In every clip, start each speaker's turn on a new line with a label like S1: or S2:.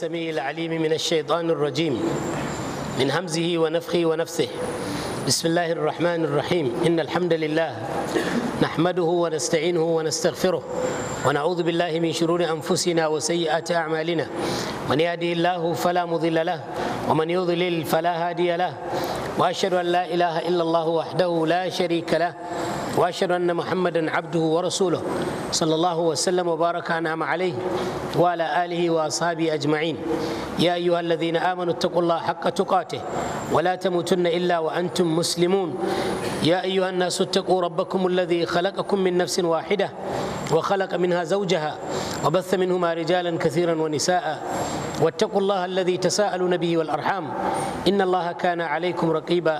S1: السميع العليم من الشيطان الرجيم من همزه ونفخه ونفسه بسم الله الرحمن الرحيم إن الحمد لله نحمده ونستعينه ونستغفره ونعوذ بالله من شرور أنفسنا وسيئات أعمالنا من يهده الله فلا مضل له ومن يضلل فلا هادي له وأشهد أن لا إله إلا الله وحده لا شريك له وأشهد أن محمدا عبده ورسوله صلى الله وسلم وبارك أنعم عليه وعلى آله وأصحابه أجمعين يا أيها الذين آمنوا اتقوا الله حق تقاته ولا تموتن إلا وأنتم مسلمون يا أيها الناس اتقوا ربكم الذي خلقكم من نفس واحدة وخلق منها زوجها وبث منهما رجالا كثيرا ونساء واتقوا الله الذي تساءلون به والأرحام إن الله كان عليكم رقيبا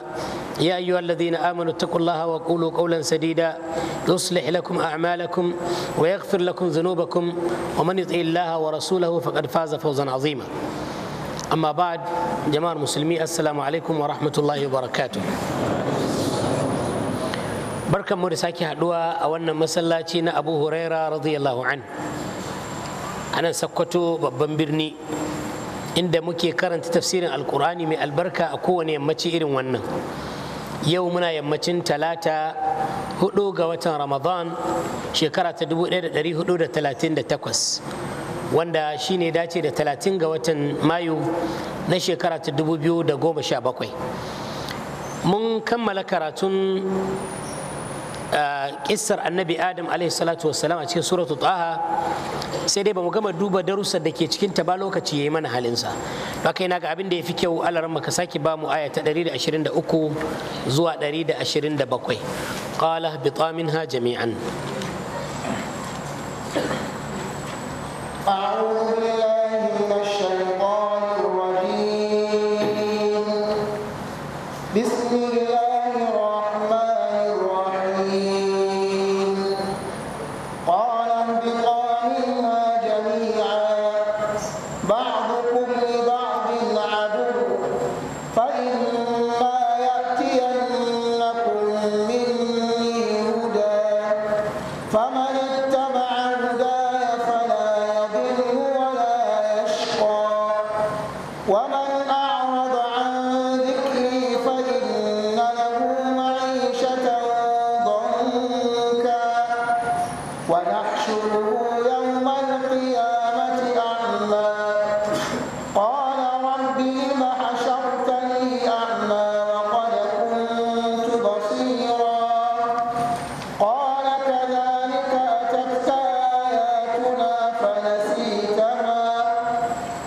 S1: يا أيها الذين آمنوا اتقوا الله وقولوا قولا سديدا يصلح لكم أعمالكم ويغفر لكم ذنوبكم ومن يطع الله ورسوله فقد فاز فوزا عظيما أما بعد جماعة المسلمين السلام عليكم ورحمة الله وبركاته بركة مرساكي حدوى أولنا مسلاتي أبو هريرة رضي الله عنه أنا سكت ببن برني inda muke karanta tafsirin alkur'ani mai albarka a kowane yammaci irin wannan yau muna yammacin talata hudu ga watan ramadan shekara ta 1438 wanda shine dace da 30 ga watan mayu na shekara ta 2017 mun kammala karatun kissar annabi adam alaihi salatu wassalam a cikin suratu taha sai dai bamu gama duba darussan da ke cikin ta ba lokaci yayi mana halinsa ba kai na ga abin da ya fi kyau alaran maka sake ba mu aya ta 123 zuwa 127 qala bita minha jami'an
S2: أعوذ بالله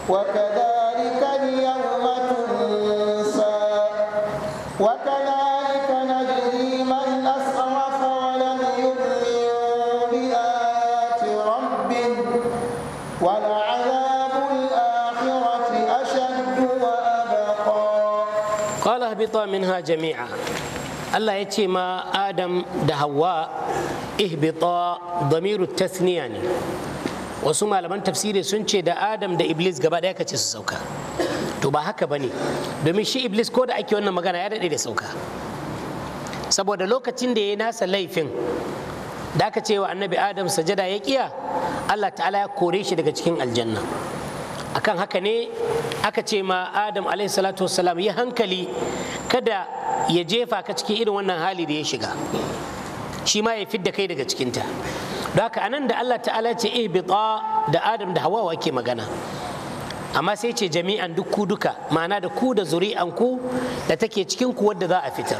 S2: وكذلك اليوم تنسى وكذلك نجري من أسرف ولم يؤمن بآيات ربه ولعذاب الآخرة أشد وأبقى
S1: قال اهبطا منها جميعا الله يتيما آدم دهواء اهبطا ضمير التثنية يعني wasu malaman tafsiri sun ce da adam da iblis gaba ɗaya ka ce su sauka to ba haka ba ne domin shi iblis ko da ake wannan magana ya daɗe da sauka saboda lokacin da ya nasa laifin da aka cewa annabi adam sajada ya kiya allah ta'ala ya kore shi daga cikin aljanna akan haka ne aka ce ma adam salatu wassalam ya hankali kada ya jefa ka cikin irin wannan hali da ya shiga shi ma ya fidda kai daga cikinta don haka anan da Allah ta'ala ce eh bita da Adam da Hawa ke magana amma sai ce jami'an duk duka ma'ana da ku da zuri'an ku da take cikin ku wadda za a fitar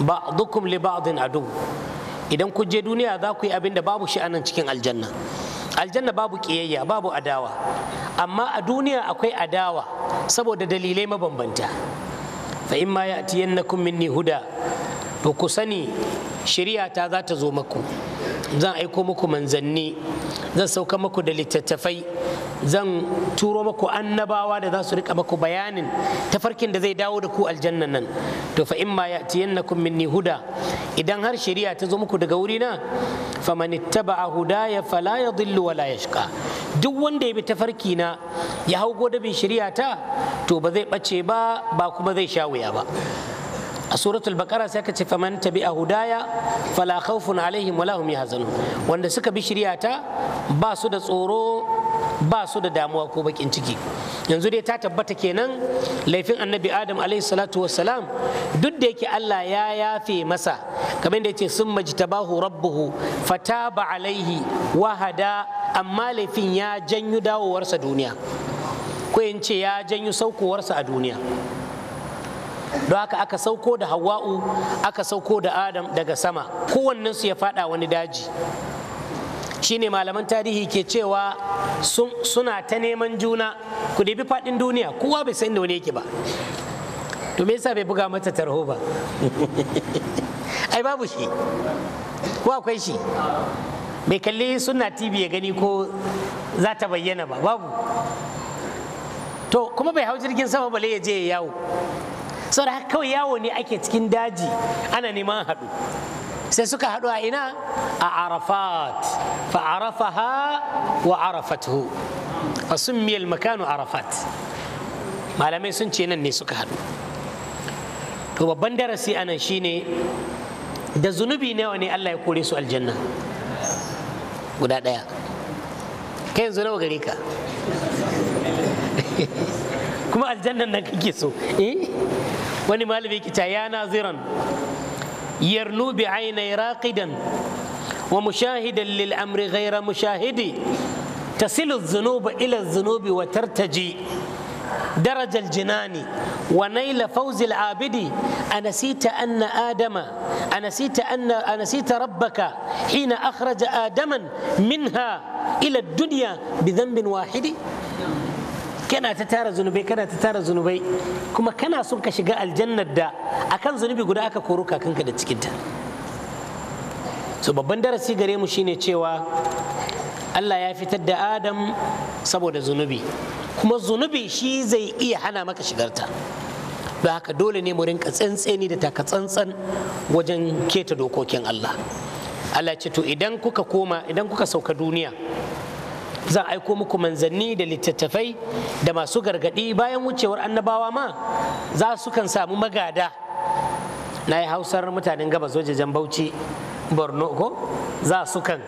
S1: ba dukum li ba'din adu idan ku je duniya za ku yi abin da babu shi anan cikin aljanna aljanna babu kiyayya babu adawa amma a duniya akwai adawa saboda dalilai mabambanta fa in ma ya'tiyannakum minni huda to ku sani shari'a ta za ta zo maku zan aiko muku manzanni zan sauka muku da littattafai zan turo muku annabawa da za su rika muku bayanin tafarkin da zai dawo da ku aljannan nan to fa imma ya'tiyannakum minni huda idan har shari'a ta zo muku daga wurina na huda hudaya fala yadhillu wala yashqa duk wanda ya bi tafarki na ya hau godabin shari'a ta to ba zai bace ba ba kuma zai sha wuya ba a suratul bakara sai aka ce faman a hudaya fala khawfun alaihim wala hum yahzanun wanda suka bi ta, ba su da tsoro ba su da damuwa ko bakin ciki yanzu dai ta tabbata kenan laifin annabi adam alaihi salatu wassalam duk da yake Allah ya yafe masa kamar da yace sun majtabahu rabbuhu fataba alaihi wahada amma laifin ya janyo dawowarsa duniya ko in ya janyo saukowarsa a duniya don haka aka sauko da hawa'u aka sauko da adam daga sama su ya fada wani daji shine malaman tarihi ke cewa suna ta neman juna ku bi faɗin duniya kowa bai san da wani yake ba to me yasa bai buga mata tarho ba ai babu shi ko akwai shi bai kalli suna tv ya gani ko za ta bayyana ba babu to kuma bai hau jirgin sama bale ya je ya yawo saboda haka kawai yawo ne ake cikin daji ana neman haɗu sai suka haɗu a ina a arafat fa arafaha wa arafathu fa makanu arafat malamai sun ce nan ne suka haɗu to babban darasi anan shine da zunubi nawa ne Allah ya kore su aljanna guda ɗaya kai yanzu nawa gare ka aljannan nan kake so eh wani malami yake ta ya naziran yarnu bi ainai raqidan wa mushahidan lil amri ghaira mushahidi tasilu dhunuba ila dhunubi wa tartaji درج الجنان ونيل فوز العابد أنسيت أن آدم أنسيت أن أنسيت ربك حين أخرج آدما منها إلى الدنيا بذنب واحد kana ta tara zunubai kana ta tara zunubai kuma kana son ka shiga aljannar da akan zunubi guda aka koru kakanka da cikinta so babban darasi gare mu shine cewa Allah ya fitar da Adam saboda zunubi kuma zunubi shi zai iya hana maka shigarta don haka dole ne mu rinka tsantseni da taka tsantsan wajen keta dokokin Allah Allah ce to idan kuka koma idan kuka sauka duniya zan aiko muku manzanni da littattafai da masu gargadi bayan wucewar annabawa ma za su kan samu magada na yi hausar mutanen gabas wajejen bauchi borno ko za su kan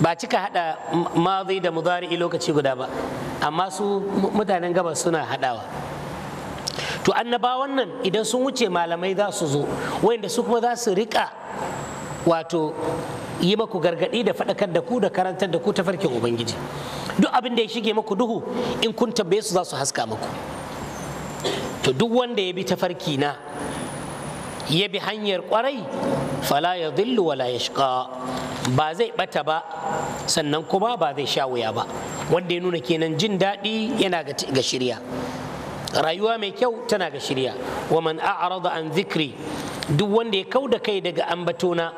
S1: ba cika hada mazi da mudari lokaci guda ba amma su mutanen gabas suna hadawa to annabawan nan idan sun wuce malamai za su zo wayanda su kuma za su rika wato yi maku gargaɗi da faɗakar da ku da karantar da ku ta farkin ubangiji duk abin da ya shige maku duhu in kun tambaye su za su haska maku to duk wanda ya bi ta farki na ya bi hanyar kwarai fala ya zillu wala ya shiga ba zai bata ba sannan kuma ba zai sha wuya ba wanda ya nuna kenan jin daɗi yana ga shirya rayuwa mai kyau tana ga shirya wa man a'rada an zikri duk wanda ya kau da kai daga ambatona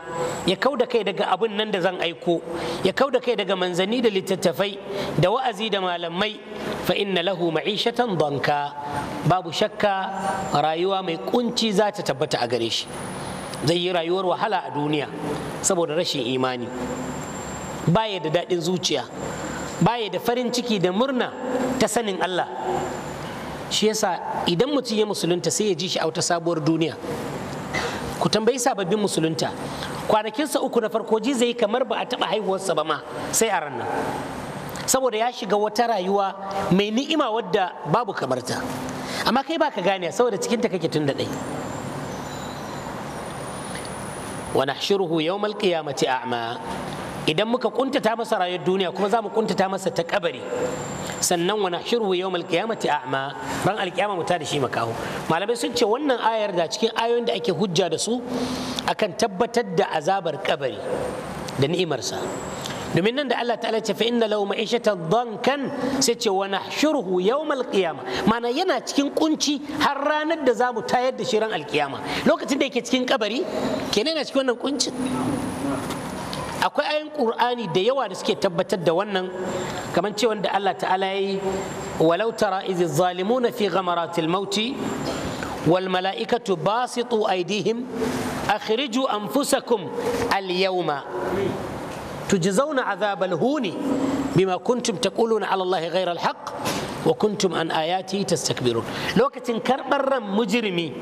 S1: ya kau da kai daga abun nan da zan aiko ya kau da kai daga manzani da littattafai da wa'azi da malamai fa inna lahu ma'ishatan danka babu shakka rayuwa mai kunci za ta tabbata a gare shi zai yi rayuwar wahala a duniya saboda rashin imani baya da daɗin zuciya baya da farin ciki da murna ta sanin Allah shi yasa idan mutum ya musulunta sai ya ji shi a wata sabuwar duniya ku tambayi sababbin musulunta kwanakinsa uku na farko ji zai kamar ba a taɓa haihuwarsa ba ma sai a ran saboda ya shiga wata rayuwa mai ni'ima wadda babu kamarta amma kai baka gane saboda cikinta kake tun da ɗai wa nahshuruhu yawmal qiyamati a'ma idan muka kuntata masa rayuwar duniya kuma za mu kuntata masa ta kabari sannan wa nahshuruhu yawmal qiyamati a'ma ran alkiyama mu da shi makaho malamai sun ce wannan ayar da cikin ayoyin da ake hujja da su akan tabbatar da azabar kabari da ni'imarsa domin nan da Allah ta'ala ce fa inna lahu ma'ishatan dankan sai ce wa nahshuruhu yawmal qiyama mana yana cikin kunci har ranar da zamu tayar da shi ran alkiyama lokacin da yake cikin kabari kenan yana cikin wannan kuncin akwai ayin qur'ani da yawa da suke tabbatar da wannan kamar cewa da Allah ta'ala yi walau tara idh zalimuna fi ghamaratil mauti wal mala'ikatu basitu aydihim akhriju anfusakum al yawma tujzauna azabal huni bima kuntum taquluna ala allahi ghayra al haqq wa kuntum an ayati tastakbirun lokacin karɓar ran mujirmi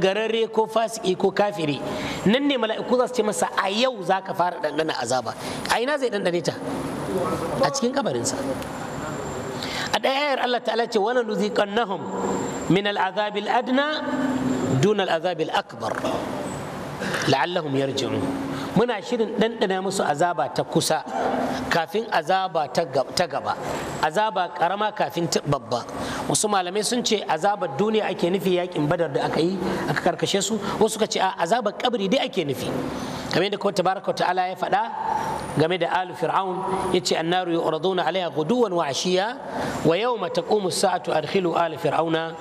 S1: garare, ko fasiki ko kafiri nan ne mala'iku za su ce masa a yau za ka fara ɗanɗana azaba a ina zai ɗanɗane ta a cikin kabarinsa a ɗaya ayar Allah ta'ala ce wala nuziqannahum min al'azabil adna dun al'azabil akbar la'allahum yarji'un muna shirin ɗanɗana musu azaba ta kusa kafin azaba ta gaba azaba karama kafin babba wasu malamai sun ce azabar duniya ake nufi yakin badar da aka yi aka karkashe su wasu suka ce a azabar kabri dai ake nufi game da kawai tabaraka ta'ala ya faɗa game da alu fir'aun ya ce annaru yu'raduna alaiha guduwan wa ashiya wa yau mata as-sa'atu adkhilu ala fir'auna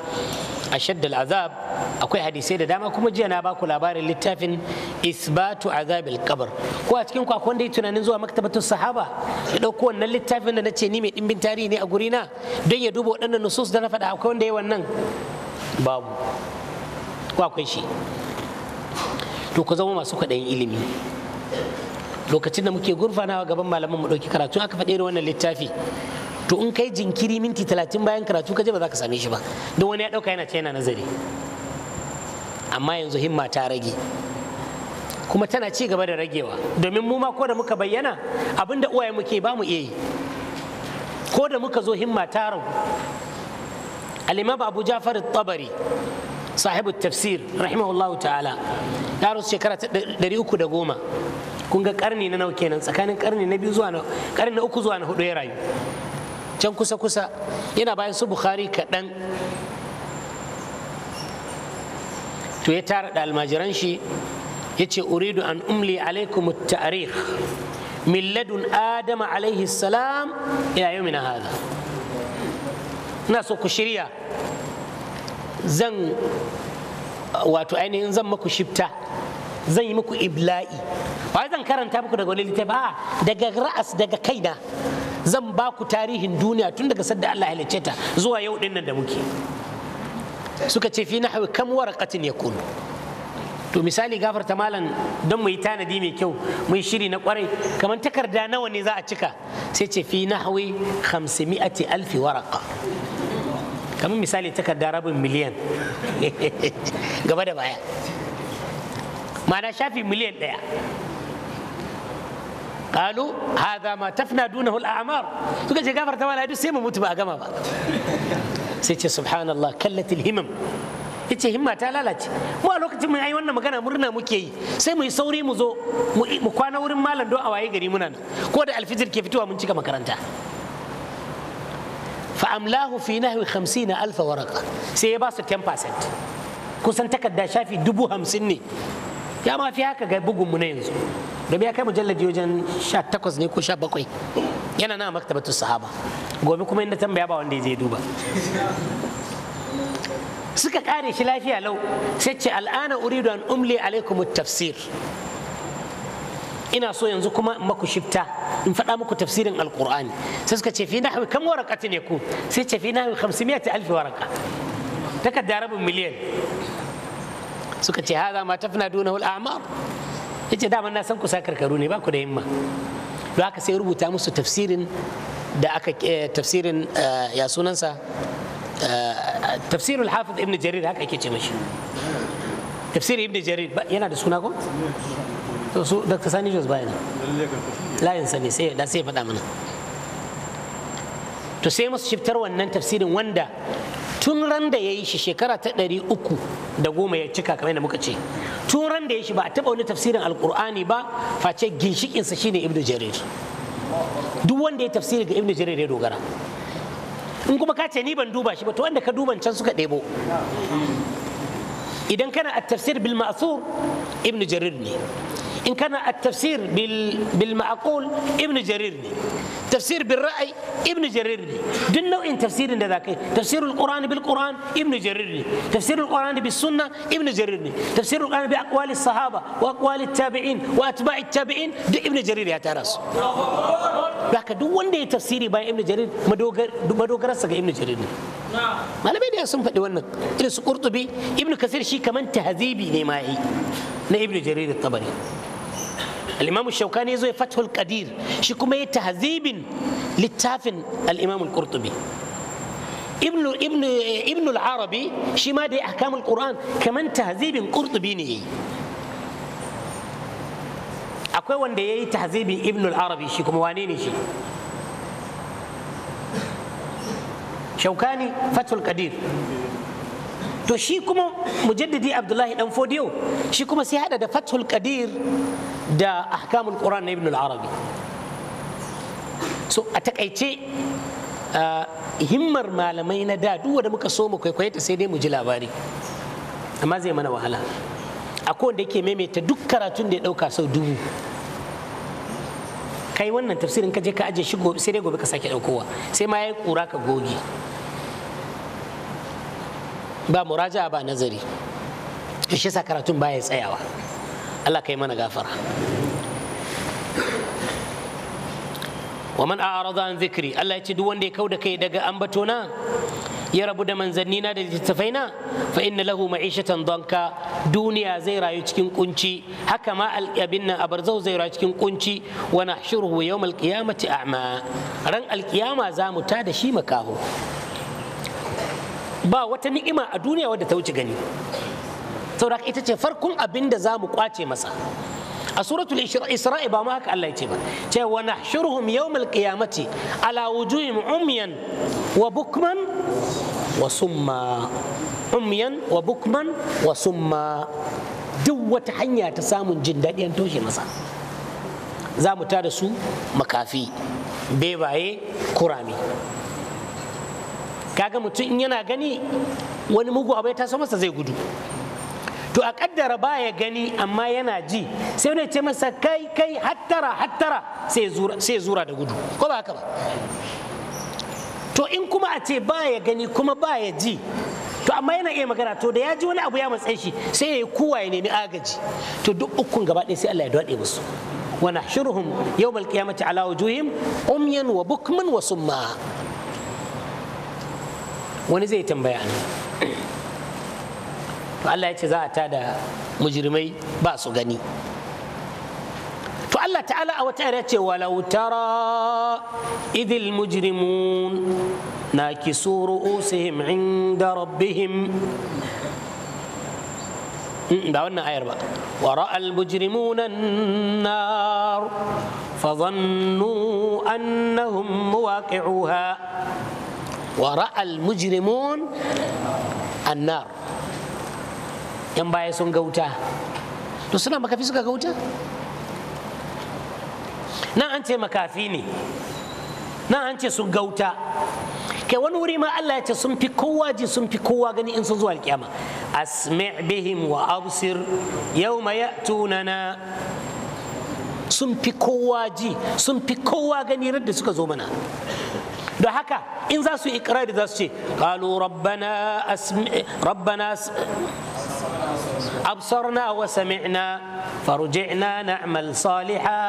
S1: a ashaddal azab akwai hadisai da dama kuma jiya na baku labarin littafin isbatu azabil qabr ko a cikin kwakwan da tunanin zuwa maktabatu sahaba ya dauko wannan littafin da nace ni mai dimbin tarihi ne a guri na don ya duba waɗannan nusus da na faɗa akwai wanda ya wannan babu ko akwai shi to ku zama masu kwaɗayin ilimi lokacin da muke gurfanawa gaban malaman mu ɗauki karatu aka faɗi wannan littafi to in kai jinkiri minti talatin bayan karatu kaje ba za ka same shi ba don wani ya ɗauka yana ce yana nazari amma yanzu himma ta rage kuma tana ci gaba da ragewa domin mu ma ko da muka bayyana abin da uwaye muke ba mu iya yi ko da muka zo himma ta ragu al abu jafar tabari sahibu tafsir rahimahullahu ta'ala ya rusu shekara ta goma. kun ga ƙarni na nau kenan tsakanin karni na biyu zuwa na karni na uku zuwa na hudu ya rayu can kusa-kusa yana bayan su bukhari kaɗan to ya tara da almajiran shi ya ce uridu an umli alaikum tarikh min ladun adama alaihi salam ila yau hada ina so ku shirya zan wato ainihin zan maku shifta zan yi muku ibla'i ba zan karanta muku daga wani littafi daga ra'as daga kaina zan ba ku tarihin duniya tun daga sadda Allah halicce ta zuwa yau din nan da muke suka ce fi nahwi kam waraqatin yakunu to misali gafarta malam don mu yi tanadi mai kyau mu shiri na kwarai kamar takarda nawa ne za a cika sai ce fi nahwi 500 alfi waraqa. kamar misali takarda rabin miliyan gaba da baya ma'ana shafi miliyan ɗaya qalu hadha ma tafna dunahu al-a'mar suka ce ta mala duk sai mu mutu ba a gama ba sai ce subhanallah kallatil himam yace himma ta lalace mu a lokacin mun yi wannan magana murna muke yi sai mu yi sauri mu zo mu kwana wurin malam don a waye gari muna nan ko da alfijir ke fitowa mun cika makaranta fa amlahu fi nahwi 50 alf waraqa sai ya ba su 10% kusan takarda shafi dubu hamsin ne ya ma fi haka ga bugun mu na yanzu domin ya kai mujalladi wajen 18 ne ko 17 yana na maktabatu sahaba gobe kuma inda tambaya ba wanda ya zai duba suka kare shi lafiya lau sai ce al'ana uridu an umli alaikum tafsir ina so yanzu kuma in maku shifta in faɗa muku tafsirin alqur'ani sai suka ce fi nahwi kam waraqatin ku? sai ce fi nahwi 500 alf waraqa takarda rabin miliyan suka ce haza ma tafna dunahu al'amar ya ce daman na san kusa karkaru ne ba ku da himma don haka sai rubuta musu tafsirin da aka eh, tafsirin eh, ya sunansa eh, tafsirul hafiz ibn jarir haka yake ce mashi tafsir ibn jarir yana da suna ko to su dr sani jos bayan la yin ne sai da sai faɗa mana to sai musu shiftar wannan tafsirin wanda tun ran da ya yi shi shekara ta ɗari uku da goma ya cika kamar da muka ce tun ran da ya shi ba a taɓa wani tafsirin alkur'ani ba face ginshikinsa shine ibnu jarir duk wanda ya tafsiri ga ibnu jarir ya dogara in kuma ka ce ni ban duba shi ba to wanda ka duban can suka ɗebo idan kana a tafsir bil ma'thur ibnu jarir ne إن كان التفسير بالمعقول ابن جرير تفسير بالرأي ابن جرير دون نوع تفسير ذاك تفسير القرآن بالقرآن ابن جرير تفسير القرآن بالسنة ابن جرير تفسير القرآن بأقوال الصحابة وأقوال التابعين وأتباع التابعين دو ابن جرير يا ترس ذاك دو وندي تفسيري باي ابن جرير مدوغرسك ابن جرير malamai da sun faɗi wannan irin su ƙurtubi ibnu kasir shi kaman tahzibi ne ma yi na ibnu jarir tabari al-imam shaukani yazo ya fathul qadir shi kuma ya tahzibin littafin al-imam al-qurtubi ibn ibn ibn al-arabi shi ma da ahkam al-quran kaman tahzibin qurtubi ne akwai wanda yayi tahzibin ibn al-arabi shi kuma wane ne shi shaukani fathul qadir to shi kuma mujaddidi abdullahi dan fodiyo shi kuma sai hada da fathul qadir da ahkamul quran na ibn al-arabi so a takaice himmar malamai na da duk wanda muka so mu kwaikwaye ta sai dai mu ji labari amma zai mana wahala akwai wanda yake maimaita duk karatun da ya dauka sau dubu kai wannan tafsirin ka je ka aje shi sai dai gobe ka sake daukowa sai ma yayi kura ka goge ba muraja ba nazari shi sa karatun baya tsayawa Allah kai mana gafara wa man a'rada an zikri Allah ya ce duk wanda ya kauda kai daga na ya rabu da manzannina da littattafaina fa inna lahu ma'ishatan danka duniya zai rayu cikin kunci haka ma alƙabin nan abarzau zai rayu cikin kunci wa nahshuruhu yawmal qiyamati a'ma ran alƙiyama za mu ta da shi makaho ba wata ni'ima a duniya wadda ta wuce gani saboda ita ce farkon abin da za mu kwace masa a suratul isra'i ba mu haka Allah ya ce ba ce wa nahshuruhum yawmal qiyamati ala wujuhim umyan wa bukman wa summa umyan wa bukman wa summa duk wata hanya ta samun jin daɗi an toshe masa za mu tada su makafi bebaye kurami kaga mutum in yana gani wani mugu abu ya taso masa zai gudu to a kaddara ya gani amma yana ji sai wani ce masa kai kai hattara hattara sai zura da gudu ko ba haka ba to in kuma a ce ba ya gani kuma ba ya ji to amma yana iya magana to da ya ji wani abu ya matsayi shi sai ya yi kowa ya nemi agaji to duk ukun gaba ɗaya sai Allah ya daɗe musu wa nahshuruhum yawmal qiyamati ala wujuhim umyan wa bukman wa summa wani zai tambaya ne to Allah ya ce za a tada mujrimai ba su gani to Allah ta'ala a wata ya ce walau tara idil mujrimun nakisu ru'usihim inda rabbihim da wannan ayar ba wa ra'al mujrimuna an-nar fa dhannu annahum muwaqi'uha ورأى المجرمون النار yan baya sun gauta to suna makafi suka gauta nan an ce makafi ne nan an ce sun gauta kai wani wuri ma Allah ya ce sun fi kowa ji sun fi kowa gani in sun zuwa alkiyama asmi' bihim wa absir yawma ya'tunana sun fi kowa ji sun fi kowa gani radda suka zo mana da haka in za su yi ikrari za su ce qalu rabbana rabbana أبصرنا وسمعنا فرجعنا نعمل صالحا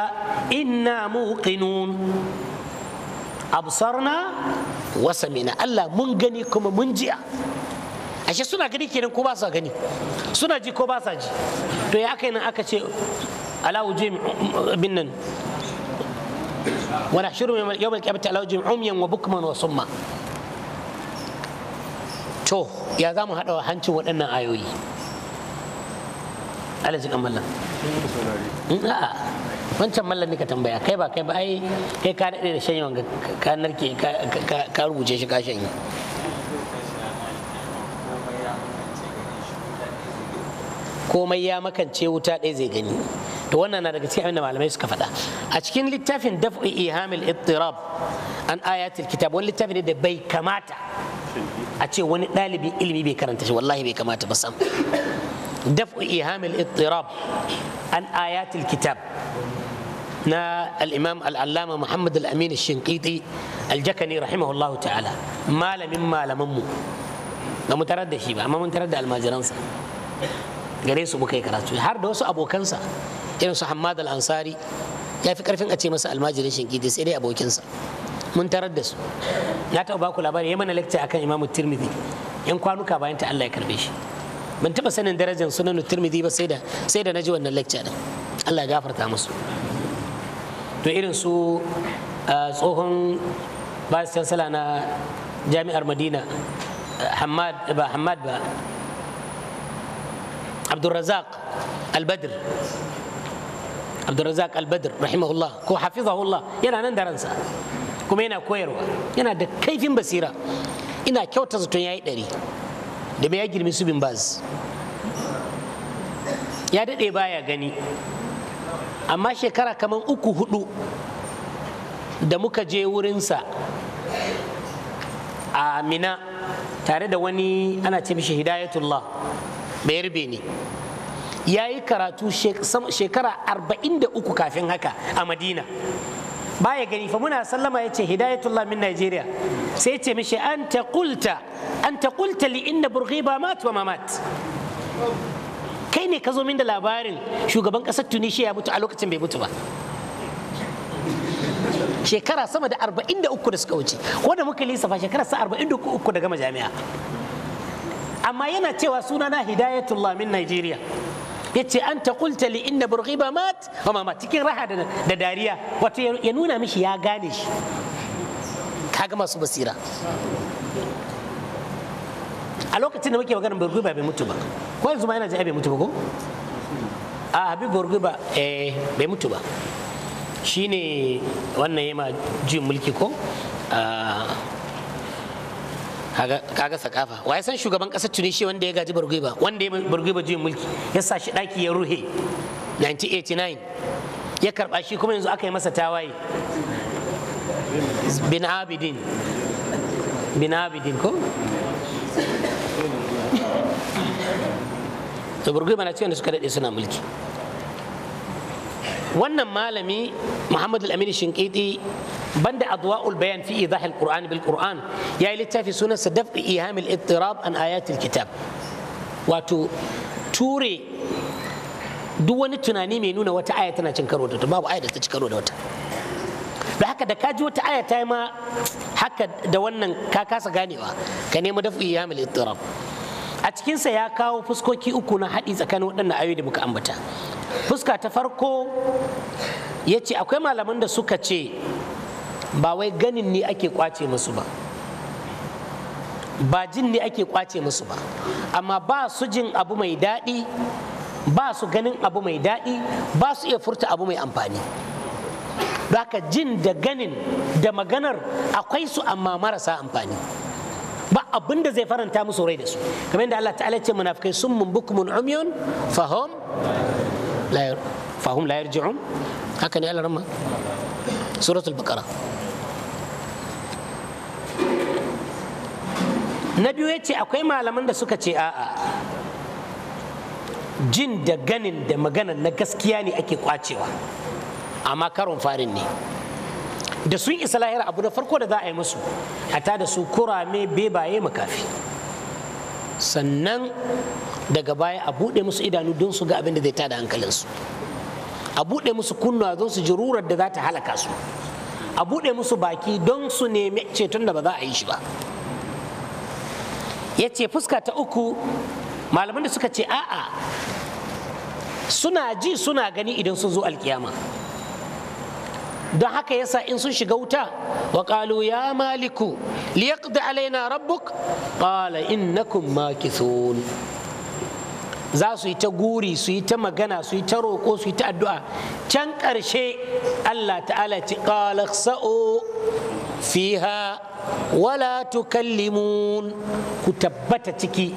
S1: إنا موقنون أبصرنا وسمعنا Allah mun gani kuma mun جاء ashe suna gani kenan ko ba sa gani suna ji ko ba sa ji to ya aka nan aka ce ala wuje bin nan Wana ونحشرهم يوم القيامة على وجههم عميا wa summa. to ya za mu haɗa hancin waɗannan ayoyi kan mallan. Hmm, a'a wancan mallan ne ka tambaya kai ba kai ba ai kai ka daɗe da shanyewan ka ke, ka rubuce shi ka shanye komai ya makance wuta ɗaya zai gani وانا انا قلت احنا ما علمي سكفدا اشكين تافن دفع ايهام الاضطراب ان ايات الكتاب وللتافن ده بي كماتا اشي وني طالب علمي بي كرنتش والله بي كماتا بس دفع ايهام الاضطراب ان ايات الكتاب نا الامام العلامه محمد الامين الشنقيطي الجكني رحمه الله تعالى ما لم مما لم مو لا تردد شيء ما من تردد المجرنس غريس بوكي كراتو هر دوس ابو كنسا irin su hamad al-ansari ya fi karfin a ce masa almajirin shinkidi sai dai abokinsa mun tarar da su na taɓa baku labari ya mana lecture akan imamu tirmidhi yan kwanuka bayan ta Allah ya karbe shi ban taɓa sanin darajar sunan tirmidhi ba sai da sai da naji wannan lecture din Allah ya gafarta musu to irin su tsohon vice chancellor na jami'ar Madina Hamad ba Hamad ba Abdulrazak Al-Badr abdurrazak albadr rahimahullah ko hafizahullah yana nan daransa. kuma yana koyarwa yana da kaifin basira ina kyauta zaton yayi ɗari da mai ya girmi su bin baz ya daɗe baya gani amma shekara kaman uku hudu da muka je wurinsa a mina tare da wani ana ce mishi hidayatullah bai ne ya yi karatu shekara arba'in da uku kafin haka a madina ya gani fa muna sallama ya ce hidayatullah min najeriya sai ce mishi an ta kulta an ta kulta li inna burghiba mat wa mamat kai ne ka zo min da labarin shugaban kasar tunisia ya mutu a lokacin bai mutu ba shekara sama da arba'in da uku da suka wuce wanda muka lissafa shekara sa arba'in da uku daga majami'a amma yana cewa sunana hidayatullah min najeriya an ta kulta li inna burghiba mat wa mama cikin raha da dariya wato ya nuna mishi ya gane shi kaga masu basira a lokacin da muke maganar burgiba bai mutu ba ko yanzu ma yana ji bai mutu ba ko a habib burgiba eh bai mutu ba shine wannan yema jin mulki ko ah, kaga sakafa wa ya san shugaban kasar tunisia wanda ya gaji barguiba wanda ya barguiba juyin mulki ya sa shi daki ya ruhe 1989 ya karba shi kuma yanzu aka yi masa tawaye bin abidin bin abidin ko to barguiba na cewa da suka dade suna mulki wannan malami muhammad al-amin shinkiti banda adwa'ul bayan fi idah al-qur'an bil qur'an ya yi littafi sunansa daf'i iham al-ittirab an ayat kitab wato ture duk wani tunani mai nuna wata aya tana cin karo da wata babu aya da ta ci karo da wata da haka da kaji wata aya ta yi ma haka da wannan ka kasa ganewa ka nema dafi ya mil ittirab a cikinsa ya kawo fuskoki uku na haɗi tsakanin waɗannan ayoyi da muka ambata fuska ta farko ya ce akwai malaman da suka ce ba wai ganin ne ake kwace musu ba ba jin ne ake kwace musu ba amma ba su jin abu mai daɗi ba su ganin abu mai daɗi ba su iya furta abu mai amfani ka jin da ganin da maganar akwai su amma marasa amfani ba abin da zai faranta musu rai da su kamar yadda Allah ta'ala ce munafikai sun mun bukumun umyun fahom fahum na biyu ya ce akwai malaman da suka ce a'a jin da ganin da magana na gaskiya ne ake kwacewa amma karon farin ne da sun isa lahira abu da farko da za a yi musu hata da su kurame bebaye makafi sannan daga baya a buɗe musu idanu don su ga abin da zai tada hankalinsu a buɗe musu kunnuwa don su ji rurar da za ta halaka su a buɗe musu baki don su nemi ceton da ba za a yi shi ba ya ce fuska ta uku malaman da suka ce a'a suna ji suna gani idan sun zo alkiyama don haka yasa in sun shiga wuta wa qalu ya maliku liyaqdi alaina rabbuk qala innakum makithun za su yi ta guri su yi ta magana su yi ta roƙo su yi ta addu'a can ƙarshe Allah ta'ala ci qala sa'o fiha wala tukallimun ku tabbata ciki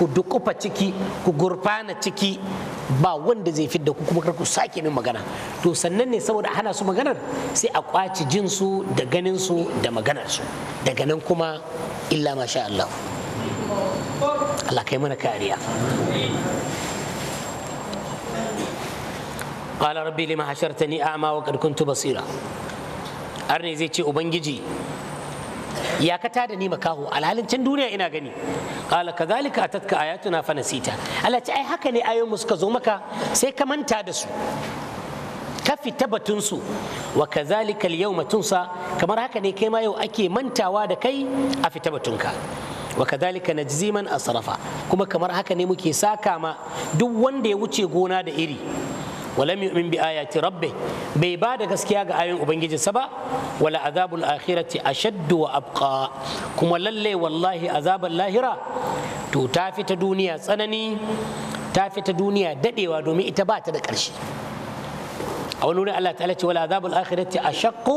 S1: ku dukufa ciki ku gurfana ciki ba wanda zai fidda ku kuma ku sake min magana to sannan ne saboda hana su maganar sai a kwaci su da ganinsu da maganarsu daga nan kuma illa masha Allah Allah kai mana kariya قال ni a'ma wa أعمى kuntu basira arne zai ce ubangiji ya ka tada ni makaho alhalin can duniya ina gani qala kadhalika atatka ayatuna fa nasita Allah ce ai haka ne ayoyin suka zo maka sai ka manta da su ka fita batun su wa kadhalika al-yawma tunsa kamar haka ne kai ma yau ake mantawa da kai a fita batunka wa kadhalika najzi man asrafa kuma kamar haka ne muke saka ma duk wanda ya wuce gona da iri ولم يؤمن بآيات ربه بيبادة كسكيا آيون أبنجيج سبا ولا عذاب الآخرة أشد وأبقى كما للي والله عذاب اللاهرة تو تافت دنيا سنني تافت دنيا ددي ودومي إتبات دكرشي أو نقول الله تعالى ولا عذاب الآخرة أشق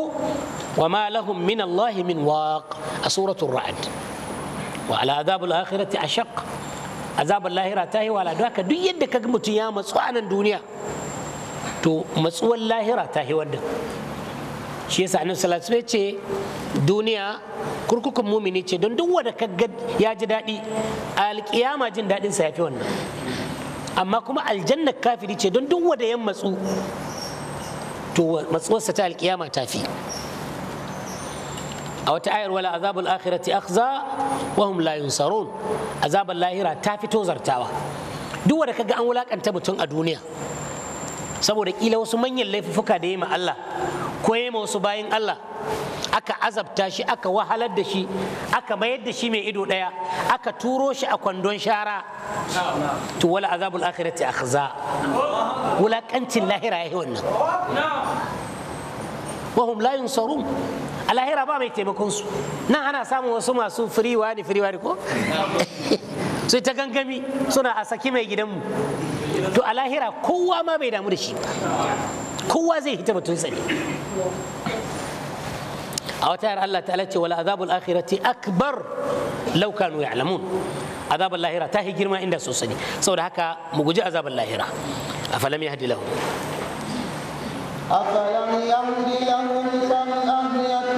S1: وما لهم من الله من واق أصورة الرعد وعلى عذاب الآخرة أشق عذاب الله راتاه ولا دواك دي يدك مت يا مسوانا الدنيا to matsuwar lahira ta yi wannan, shi yasa annabi sallallahu alaihi ce duniya kurkukun mumini ce don duk wanda kaga ya ji daɗi alƙiyama jin daɗin sa yafi wannan amma kuma aljanna kafiri ce don duk wanda ya matsu to matsuwarsa ta alƙiyama ta fi a wata ayar wala azabul akhirati akhza wa hum la yunsarun azabul lahira ta fito zartawa, duk wanda kaga an wulakanta mutum a duniya saboda ƙila wasu manyan laifuka da ya ma Allah ko ya wasu bayan Allah aka azabta shi aka wahalar da shi aka mayar da shi mai ido ɗaya aka turo shi a kwandon shara to wala azabul akhirati akhza wulakancin lahira yayi wannan wahum la yunsarun a lahira ba mai taimakon su nan ana samun wasu masu firiwa ne firiwa ne ko sai ta gangami suna a saki mai gidanmu to a lahira kowa ma bai damu da shi ba kowa zai hita batun sani a wata yar Allah ta'ala ce wal azabul akhirati akbar law kanu ya'lamun azabul lahira ta hi girma inda so sani saboda haka mu guji azabul lahira afalam yahdi lahum
S2: أفلم يهد لهم كم أهلكنا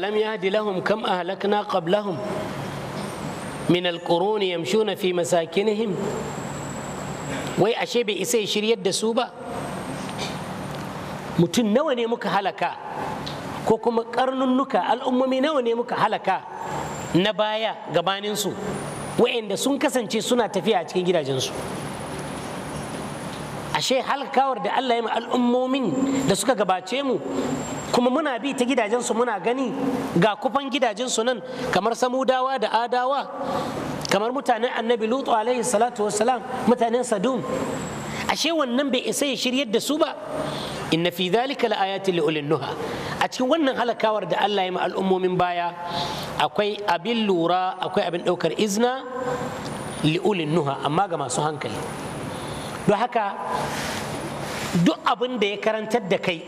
S1: أولم يهد لهم كم أهلكنا قبلهم من القرون يمشون في مساكنهم wai ashe bai isa ya shiryar da su ba mutum nawa ne muka halaka ko kuma karnunnuka al'ummomi nawa ne muka halaka na baya gabaninsu wa'anda sun kasance suna tafiya a cikin gidajensu ashe halkawar da Allah ya al'ummomin da suka gabace mu kuma muna bi ta gidajensu muna gani ga kufan gidajensu nan kamar samudawa da adawa kamar mutanen annabi lutu alaihi salatu wassalam mutanen sadum ashe wannan bai isa ya shiryar da su ba inna fi dhalika laayatin liulil nuha a cikin wannan halakawar da Allah ya ma al'ummomin baya akwai abin lura akwai abin daukar izna liulil nuha amma ga masu hankali don haka duk abin da ya karantar da kai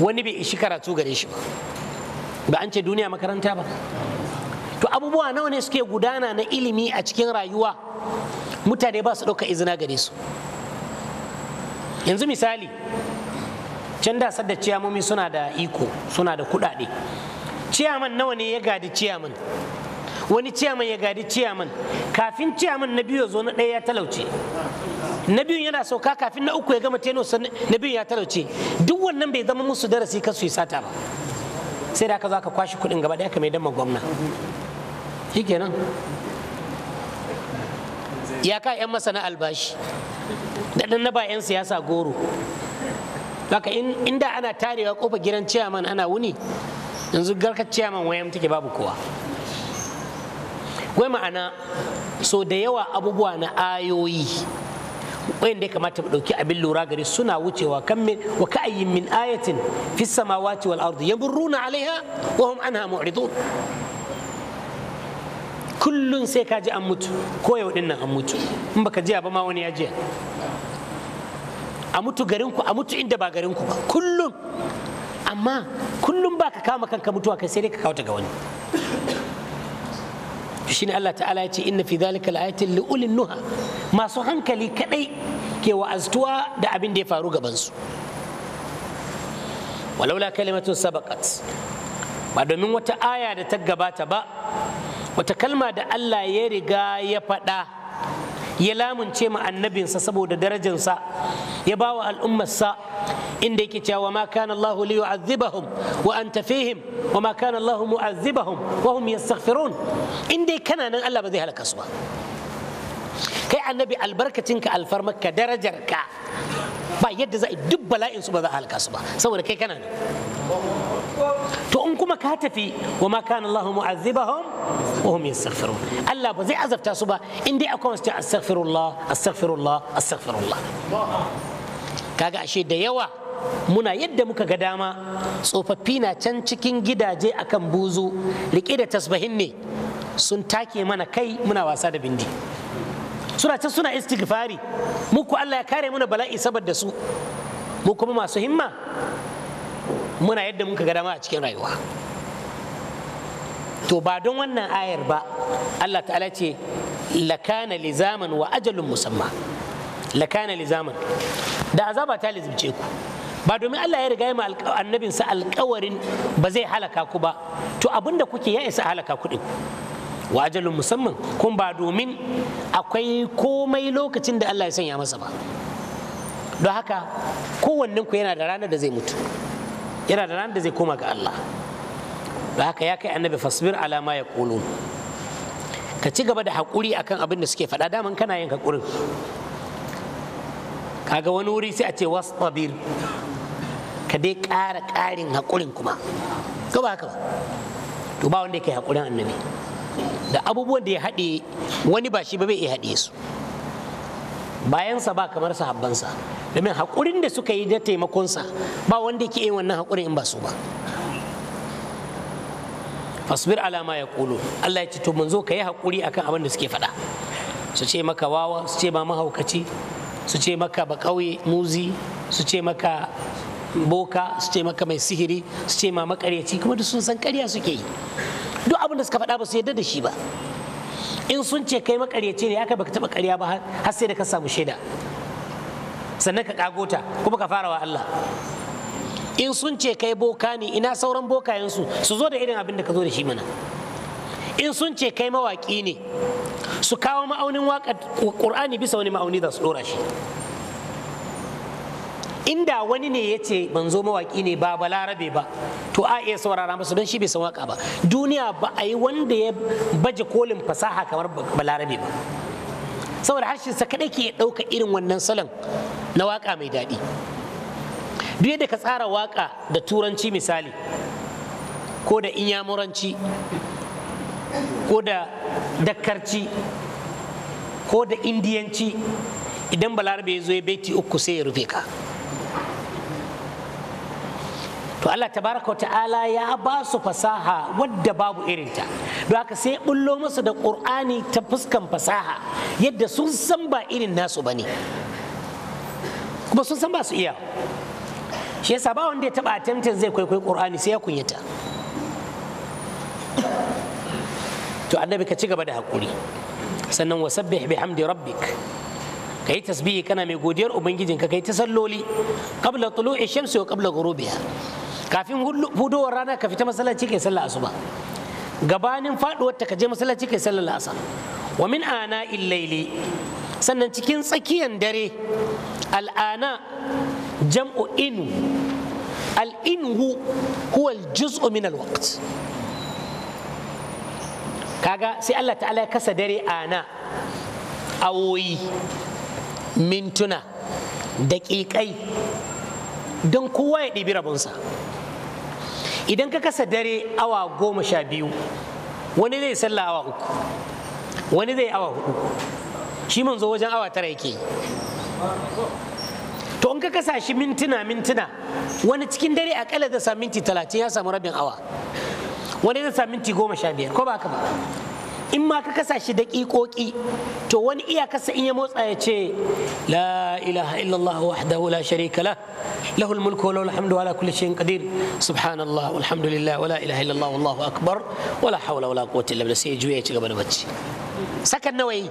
S1: wani bai ishi karatu gare shi ba ba an ce duniya makaranta ba to abubuwa nawa ne suke gudana na ilimi a cikin rayuwa mutane ba su ɗauka izina gare su yanzu misali can da sadda ciyamomi suna da iko suna da kuɗaɗe ciyaman nawa ne ya gadi ciyaman wani ciyaman ya gadi ciyaman kafin ciyaman na biyu zo na ɗaya ya talauce na biyun yana sauka kafin na uku ya gama teno na biyun ya talauce duk wannan bai zama musu darasi kasu suyi sata ba sai da aka za ka kwashi kuɗin gaba daya ka mai dama gwamna kenan ya ka 'yan masana albashi daɗin na ba 'yan siyasa goro Baka inda ana tarewa kofa gidan ciyaman ana wuni yanzu garkar ciyaman wayan take babu kowa Gwai ma'ana so da yawa abubuwa na ayoyi da ya kamata mu dauki abin lura gare suna wucewa kan min wa ayyin min ayatin fi samawati wal ardi yamurruna alaiha wa hum anha mu'ridun kullun sai ka ji an mutu ko yau din nan an mutu in baka jiya ba ma wani ya jiya a mutu garin ku a mutu inda ba garin ku ba kullum amma kullum ba ka kama kanka mutuwa kai sai dai ka kawo ta ga wani shine Allah ta'ala ya ce inna fi zalika laayatin li li'ulin nuha masu hankali kadai ke wa'aztuwa da abin da ya faru gaban su walaula kalimatun sabaqat ba domin wata aya da ta gabata ba wata kalma da Allah ya riga ya faɗa ya lamunce ma annabinsa saboda darajansa ya ba wa al'ummarsa inda yake cewa ma kana Allahu li yu'adhibahum wa anta fihim wa ma kana Allahu mu'adhibahum wa hum yastaghfirun inda kana nan Allah ba zai halaka su ba kai annabi albarkacinka alfarmarka darajarka ba yadda za a duk bala'in su ba za a halaka su ba saboda kai kana nan to in kuma ka tafi wa ma kana Allah mu'azzibahum wa hum yastaghfirun Allah ba zai azabta su ba in dai akwai wasu astaghfirullah astaghfirullah astaghfirullah kaga ashe da yawa muna yadda muka ga dama tsofaffi na can cikin gidaje akan buzu rike da tasbahin ne sun take mana kai muna wasa da bindi suna can suna istighfari muku Allah ya kare muna bala'i saboda su mu kuma masu himma muna yadda muka ga dama a cikin rayuwa to ba don wannan ayar ba Allah ta'ala ce lakana lizaman wa ajalun musamma lakana lizaman da azaba ta lizimce ku ba domin Allah ya riga annabin sa alkawarin ba zai halaka ku ba to abinda kuke ya isa halaka ku din wa ajalun musamman kun ba domin akwai komai lokacin da Allah ya sanya masa ba don haka kowannen ku yana da ranar da zai mutu yana da ran da zai koma ga Allah da haka ya kai annabi fasbir alama ya yaqulun ka ci gaba da hakuri akan abin da suke faɗa daman kana yin haƙurin kaga wani wuri sai a ce wasbir ka dai ƙara ƙarin haƙurin kuma ka ba haka to ba wanda yake haƙurin annabi da abubuwan da ya haɗe wani ba shi ba bai iya haɗe su bayansa ba kamar sahabbansa domin haƙurin da suka yi da taimakonsa ba wanda yake yin wannan haƙurin in ba su ba fasbir alama ya kulu Allah ya ce to manzo ka yi haƙuri akan abin da suke faɗa su ce maka wawa su ce ma mahaukaci su ce maka baƙauye muzi su ce maka boka su ce maka mai sihiri su ce ma makaryaci kuma duk sun san ƙarya suke yi duk abin da suka faɗa ba su yarda da shi ba in sun ce kai makaryaci ne aka baka taba karya ba har sai da ka samu shaida sannan ka kagota kuma ka fara wa Allah in sun ce kai boka ne ina sauran bokayensu su zo da irin abin da ka zo da shi mana in sun ce kai mawaki ne su kawo ma'aunin waƙar ƙur'ani bisa wani ma'auni da su ɗora shi inda wani ne ya ce ban zo mawaki ne ba balarabe ba to a iya saurara masa don shi bai san waka ba duniya ba a yi wanda ya baje kolin fasaha kamar balarabe ba saboda harshen sa kadai ke ɗauka irin wannan salon na waka mai daɗi duk yadda ka tsara waka da turanci misali ko da inyamuranci ko da dakkarci ko da indiyanci idan balarabe ya zo ya baiti uku sai ya rufe ka to Allah tabaraka ta'ala ya ba su fasaha wadda babu irinta don haka sai bullo musu da qur'ani ta fuskan fasaha yadda sun san ba irin nasu bane kuma sun san ba su iya shi yasa ba wanda ya taba attempting zai kwaikwayi qur'ani sai ya kunyata to annabi ka ci gaba da hakuri sannan sabbih bihamdi rabbik ka yi tasbihi kana mai godiyar ubangijinka ka yi ta salloli qabla tulu'i shamsi wa qabla ghurubiha kafin hudowar rana ka fita masallaci kai sallar asuba gabanin faduwar ta ka je masallaci kai sallar la'asa wa min ana illaili sannan cikin tsakiyan dare al'ana jam'u inu al'inhu huwa juz'u min alwaqt kaga sai Allah ta'ala ya kasa dare ana awoyi mintuna daƙiƙai don kowa ya ɗibi rabonsa idan ka kasa dare awa goma sha biyu wani zai sallah awa uku wani zai awa hudu shi zo wajen awa tara yake to in ka kasa shi mintuna mintuna wani cikin dare akalla zai sa minti talatin ya samu rabin awa wani zai sa minti goma sha biyar ko ba haka ba in ma ka kasa shi daƙiƙoƙi to wani iya kasa in ya motsa ya ce la ilaha illallah wahdahu la sharika la lahul mulku wa lahul hamdu ala kulli shay'in qadir subhanallah walhamdulillah wala ilaha illallah wallahu akbar wala hawla wala quwwata illa billah sai ya juya ya ci gaba da bacci sakan nawa yi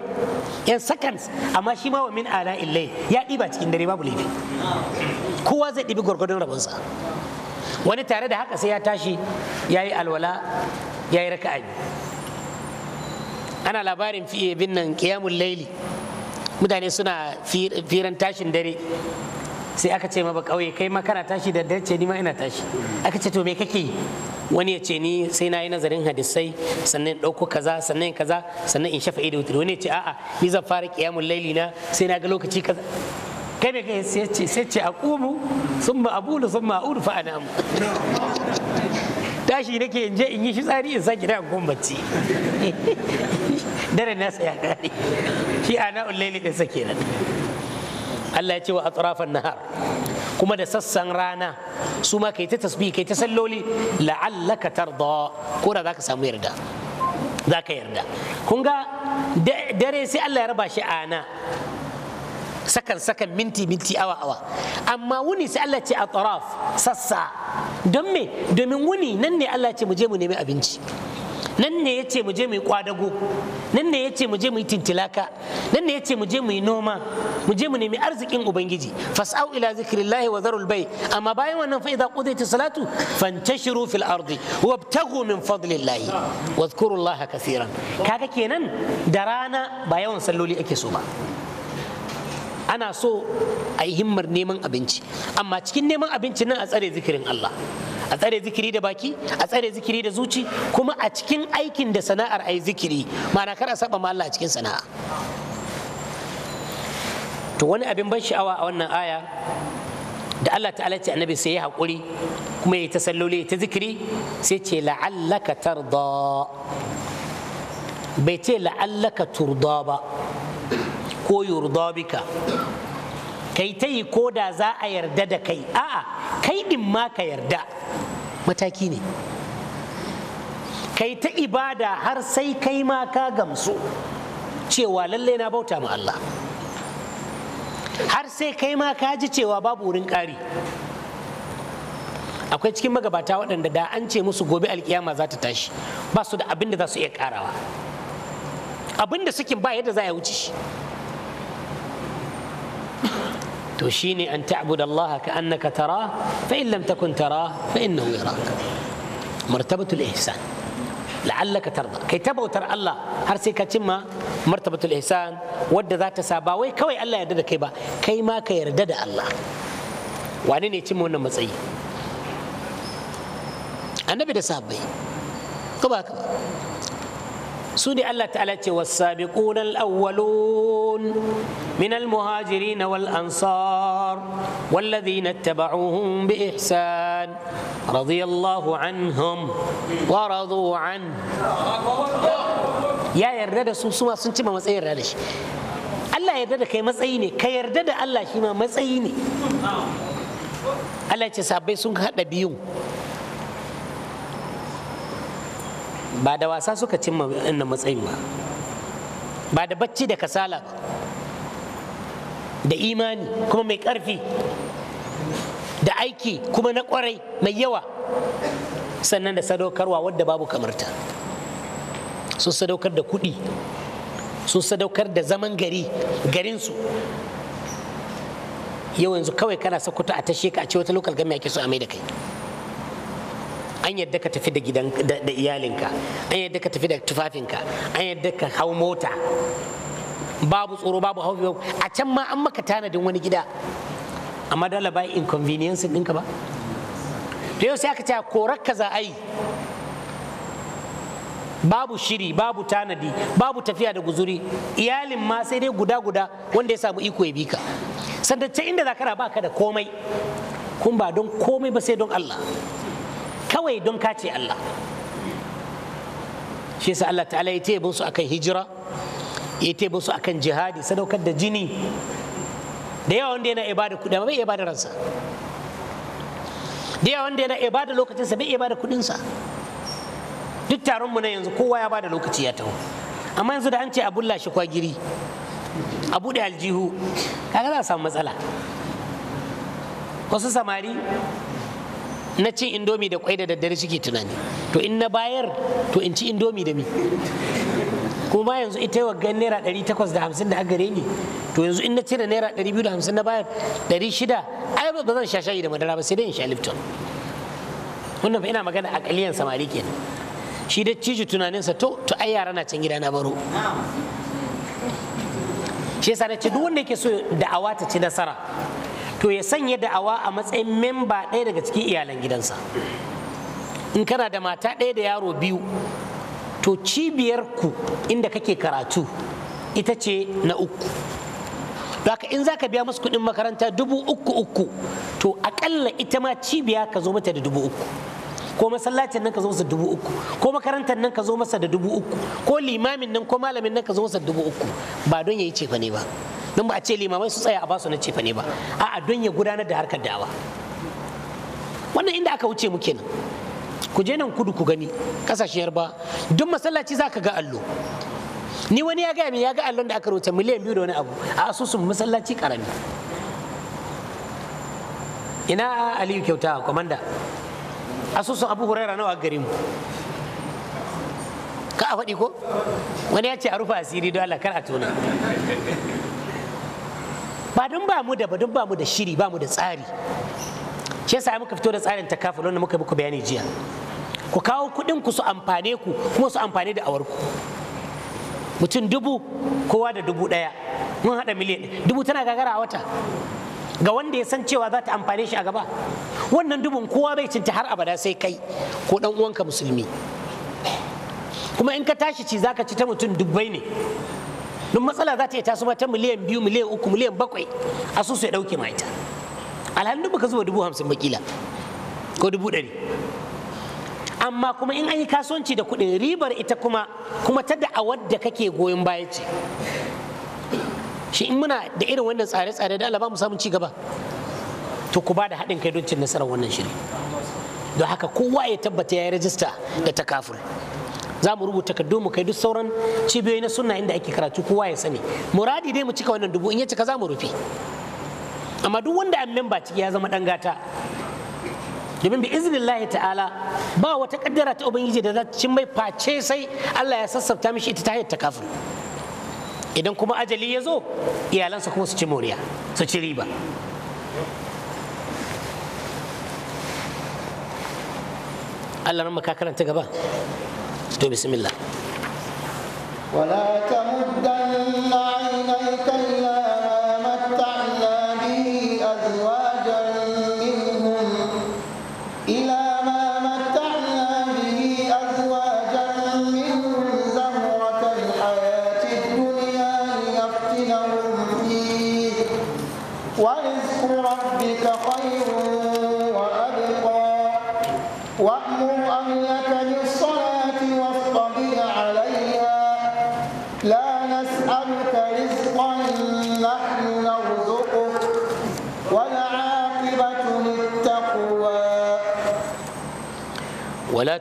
S1: yan sakan amma shi ma wa min ala illai ya ɗiba cikin dare babu laifi kowa zai ɗibi gwargwadon rabonsa wani tare da haka sai ya tashi ya yi alwala ya yi raka'a ana labarin fiye bin nan kiyamun laili mutane suna firan tashin dare sai aka ce maba kauye kai ma kana tashi da dare ce ni ma ina tashi aka ce to me kake wani ya ce ni sai na yi nazarin hadisai sannan ɗauko kaza sannan kaza sannan in shafa da wani ya ce a'a ni zan fara kiyamun laili na sai na ga lokaci kaza kai me kai sai ce sai ce aqumu thumma abulu thumma a'udu fa anamu tashi nake in je in yi shi tsari in sake da gumbaci dare na ya kare shi ana ulaili din sa kenan Allah ya ce wa atrafan nahar kuma da sassan rana su ma kai ta tasbih kai ta salloli la'allaka tarda ko da zaka samu yarda zaka yarda kun ga dare sai Allah ya raba shi ana sakan sakan minti minti awa awa amma wuni sai Allah ce atraf sassa don me domin wuni nan ne Allah ce mu je mu nemi abinci nan ne ya ce mu je mu yi kwadago nan ne ya ce mu je mu yi tintilaka nan ne ya ce mu je mu yi noma mu je mu nemi arzikin ubangiji fas'au ila zikrillahi wa zarul bai amma bayan wannan fa idza qudiyat salatu fantashiru fil ardi wabtaghu min fadlillahi wadhkurullaha kaseeran kaga kenan da rana ba yawan salloli ake so ba ana so a yi himmar neman abinci amma cikin neman abinci nan a tsare zikirin Allah a tsare zikiri da baki a tsare zikiri da zuci kuma a cikin aikin da sana'ar a yi zikiri mana kar a saba ma Allah a cikin sana'a to wani abin ban sha'awa a wannan aya da Allah ta'ala ce annabi sai ya haƙuri kuma ya ta salloli ta zikiri sai ce la'allaka tarda bai ce la'allaka turda ba ko yurda kai ta yi ko da za a yarda da kai a'a kai din ma ka yarda mataki ne kai ta ibada har sai kai ma ka gamsu cewa lalle na bauta ma Allah har sai kai ma ka ji cewa babu wurin ƙari akwai cikin magabata waɗanda da an ce musu gobe alkiyama za ta tashi ba su da abin da za su iya ƙarawa abin da suke ba yadda za ya wuce shi to shine an ta'bud Allah ka annaka tara fa in lam takun tara fa innahu yaraka martabatul ihsan la'allaka tarda kai ta bautar Allah har sai ka cimma martabatul ihsan wadda za ta sa wai kawai Allah yarda da kai ba kai ma ka yarda da Allah Wani ne cimma wannan matsayi annabi da sahabbai ko ba su ne Allah ta'ala ce wasabiquna al-awwalun minal al-muhajirin wal ansar na والذين اتبعوهم بإحسان رضي الله عنهم ورضوا عنه ya yarda da su suma sun cima matsayin da shi Allah yarda da kai matsayi ne ka yarda da Allah shi ma matsayi ne Allah ce sabai sun haɗa biyun ba da wasa suka cimma wannan matsayin ba ba da bacci da kasala ba da imani kuma mai ƙarfi da aiki kuma na ƙwarai mai yawa sannan da sadaukarwa wadda babu kamarta sun sadaukar da kuɗi sun sadaukar da zaman gari garinsu yau yanzu kawai kana sakuta a tashe ka a ce wata lokal gami ake so a mai da kai an yadda ka tafi da gidan da iyalinka an yadda ka tafi da tufafinka an yadda ka hau mota babu tsoro babu haufi a can ma an maka tanadin wani gida amma dole ba inconvenience ɗinka ba to yau sai aka ce korar ka za a yi babu shiri babu tanadi babu tafiya da guzuri iyalin ma sai dai guda guda wanda ya samu iko ya bi ka ta inda zakara baka da komai kun ba don komai ba sai don Allah kawai don ka ce Allah shi yasa Allah ta'ala ya tebe su akan hijira ya tebe su akan jihadi sadaukar da jini da yawa wanda yana ibada kuɗi amma bai ibada ransa da yawa wanda yana ibada lokacinsa bai ibada kuɗinsa. duk taron mu na yanzu kowa ya bada lokaci ya taho amma yanzu da an ce a bulla shi kwagiri a buɗe aljihu kaga za a samu matsala wasu samari na cin indomi da kwai da daddare suke tunani to in na bayar to in ci indomi da mi kuma yanzu ita wa gan naira 850 da agare ni to yanzu in na cire naira 250 na bayar 600 ai ba zan sha shayi da madara ba sai dai in sha lifton wannan fa ina magana a kaliyan samari kenan shi da ciji tunaninsa to to ai yara na can gida na baro shi yasa na ce duk wanda yake so da'awa ta ci nasara to ya sanya da'awa a matsayin memba ɗaya daga cikin iyalan gidansa in kana da mata ɗaya da yaro biyu to cibiyar ku inda kake karatu ita ce na uku Daka in za ka biya musu kuɗin makaranta dubu uku uku to aƙalla ita ma cibiya ka zo mata da dubu uku ko masallacin nan ka zo masa dubu uku ko makarantar nan ka zo masa da dubu uku ko limamin nan ko malamin nan ka zo masa dubu uku ba don ya yi cefa ne ba don ba a ce limamai su tsaya a basu na cefa ne ba a'a don ya gudanar da harkar dawa wannan inda aka wuce mu nan, ku je nan kudu ku gani kasashen yarba duk masallaci za ka ga allo ni wani ya gaya min ya ga allon da aka rubuta miliyan biyu da wani abu a asusun masallaci karami ina aliyu kyauta kwamanda asusun abu huraira nawa gare mu ka a faɗi ko wani ya ce a rufa asiri don Allah kar a tona ba don ba mu da ba don ba mu da shiri ba mu da tsari shi yasa muka fito da tsarin takaful da muka muku bayani jiya ku kawo kuɗin ku su amfane ku kuma su amfane da awarku mutum dubu kowa da dubu ɗaya mun haɗa miliyan dubu tana gagara a wata ga wanda ya san cewa za ta amfane shi a gaba wannan dubin kowa bai cinta har abada sai kai ko dan uwanka musulmi kuma in ka tashi ci zaka ci ta mutum dubbai ne don matsala za ta yi taso ta miliyan biyu miliyan uku miliyan bakwai su ya dauke ma ita alhalin ka zuba dubu hamsin makila ko dubu ɗari amma kuma in an yi kasuwanci da kuɗin ribar ita kuma kuma ta da'awar da kake goyon baya ce shi in muna da irin wannan tsare-tsare da Allah ba mu samu ci gaba to ku ba da haɗin kai don cin nasarar wannan shiri don haka kowa ya tabbata ya yi rajista da takafur za mu rubuta ka mu kai duk sauran cibiyoyi na sunna inda ake karatu kowa ya sani muradi dai mu cika wannan dubu in ya cika za mu rufe amma duk wanda an memba ciki ya zama dan gata domin bi iznillahi ta'ala ba wata kaddara ta ubangiji da za ta cin mai face sai Allah ya sassafta mishi ita ta hayar takafur idan kuma ajali ya zo iyalansa kuma su ci moriya su ci riba Allah nan ka karanta gaba to bismillah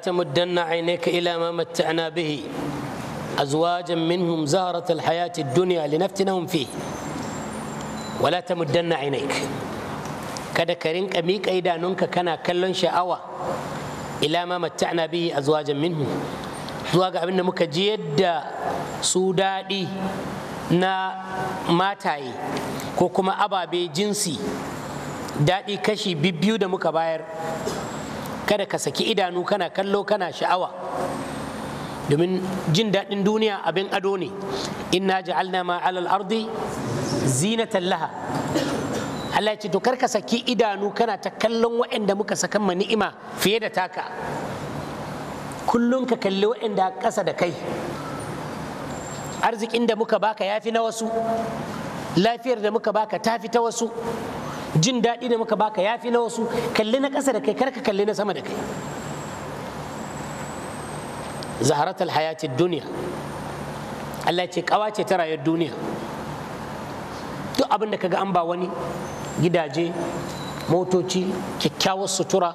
S1: تمدن عينيك إلى ما متعنا به أزواجا منهم زهرة الحياة الدنيا لنفتنهم فيه ولا تمدن عينيك kada ka rinka miƙa idanunka kana kallon sha'awa ila ma matta'na bihi azwajan minhu zuwa ga abinda muka ji yadda su daɗi na mataye ko kuma ababe jinsi daɗi kashi bibbiyu da muka bayar kada ka saki idanu kana kallo kana sha'awa domin jin daɗin duniya abin ado ne inna ja'alna ma alal ardi zinatan laha Allah ya ce to kar ka saki idanu kana ta kallon waɗanda muka saka ma ni'ima fiye da taka kullum ka kalli waɗanda ƙasa da kai arzikin da muka baka ya fi na wasu lafiyar da muka baka ta fi ta wasu jin daɗi da muka baka yafi na wasu kalli na ƙasa da kai karka kalli na sama da kai zaharatul hayatid duniya Allah ce kawa ce ta rayuwar duniya duk abin da kaga an ba wani gidaje motoci kyakkyawar sutura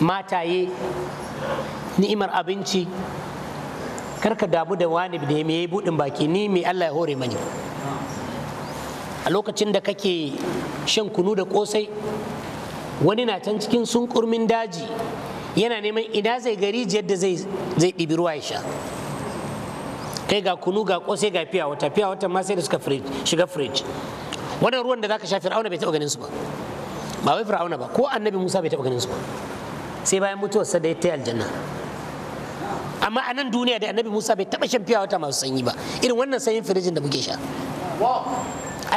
S1: mataye ni'imar abinci karka damu da wani da ya yi buɗin baki ni mai Allah ya hore mani a lokacin da kake shan kunu da kosai wani na can cikin sunkurmin daji yana neman ina zai gari yadda zai ɗibi ruwa ya sha kai ga kunu ga kosai ga fiya wata fiya wata ma sai da suka shiga firij wannan ruwan da zaka sha fir'auna bai taɓa ganin su ba ba wai fir'auna ba ko annabi musa bai taɓa ganin su ba sai bayan mutuwar sa da ya tayi aljanna amma a nan duniya da annabi musa bai taɓa shan fiya wata masu sanyi ba irin wannan sanyin firijin da muke sha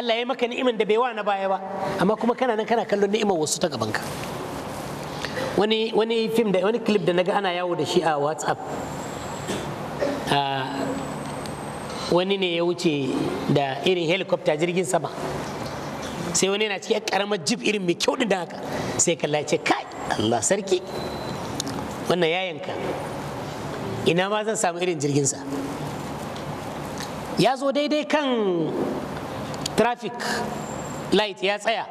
S1: Allah ya maka ni'imar da bai wa na baya ba amma kuma kana nan kana kallon ni'imar wasu ta gaban ka wani wani film da wani clip da naga ana yawo da shi a WhatsApp wani ne ya wuce da irin helicopter jirgin sama sai wani yana cikin karamar jib irin mai kyau da haka sai kalla ce kai Allah sarki wannan yayanka ina ma zan samu irin jirgin sa ya zo daidai kan traffic light ya tsaya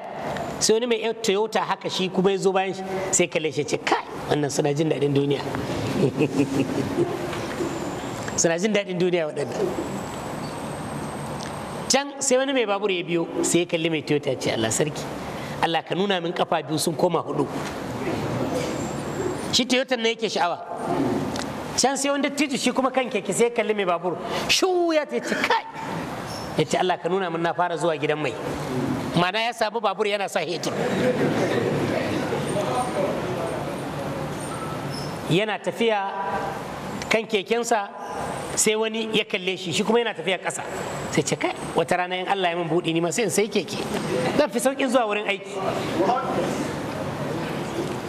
S1: sai wani mai toyota haka shi kuma ya zo bayan sai kalle shi ce kai wannan suna jin daɗin duniya suna jin daɗin duniya waɗanda can sai wani mai babur ya biyo sai ya kalli mai toyota ce allah sarki allah ka nuna min kafa biyu sun koma hudu shi toyota na yake sha'awa can sai wanda titi shi kuma kan keke sai ya kalli mai babur shu ya ce kai ya ce Allah ka nuna na fara zuwa gidan mai mana ya samu babur yana sa hetur yana tafiya kan kekensa sai wani ya kalle shi shi kuma yana tafiya ƙasa sai ce kai wata rana yin Allah ya min buɗe ni masu yin sai keke zan fi sauƙin zuwa wurin aiki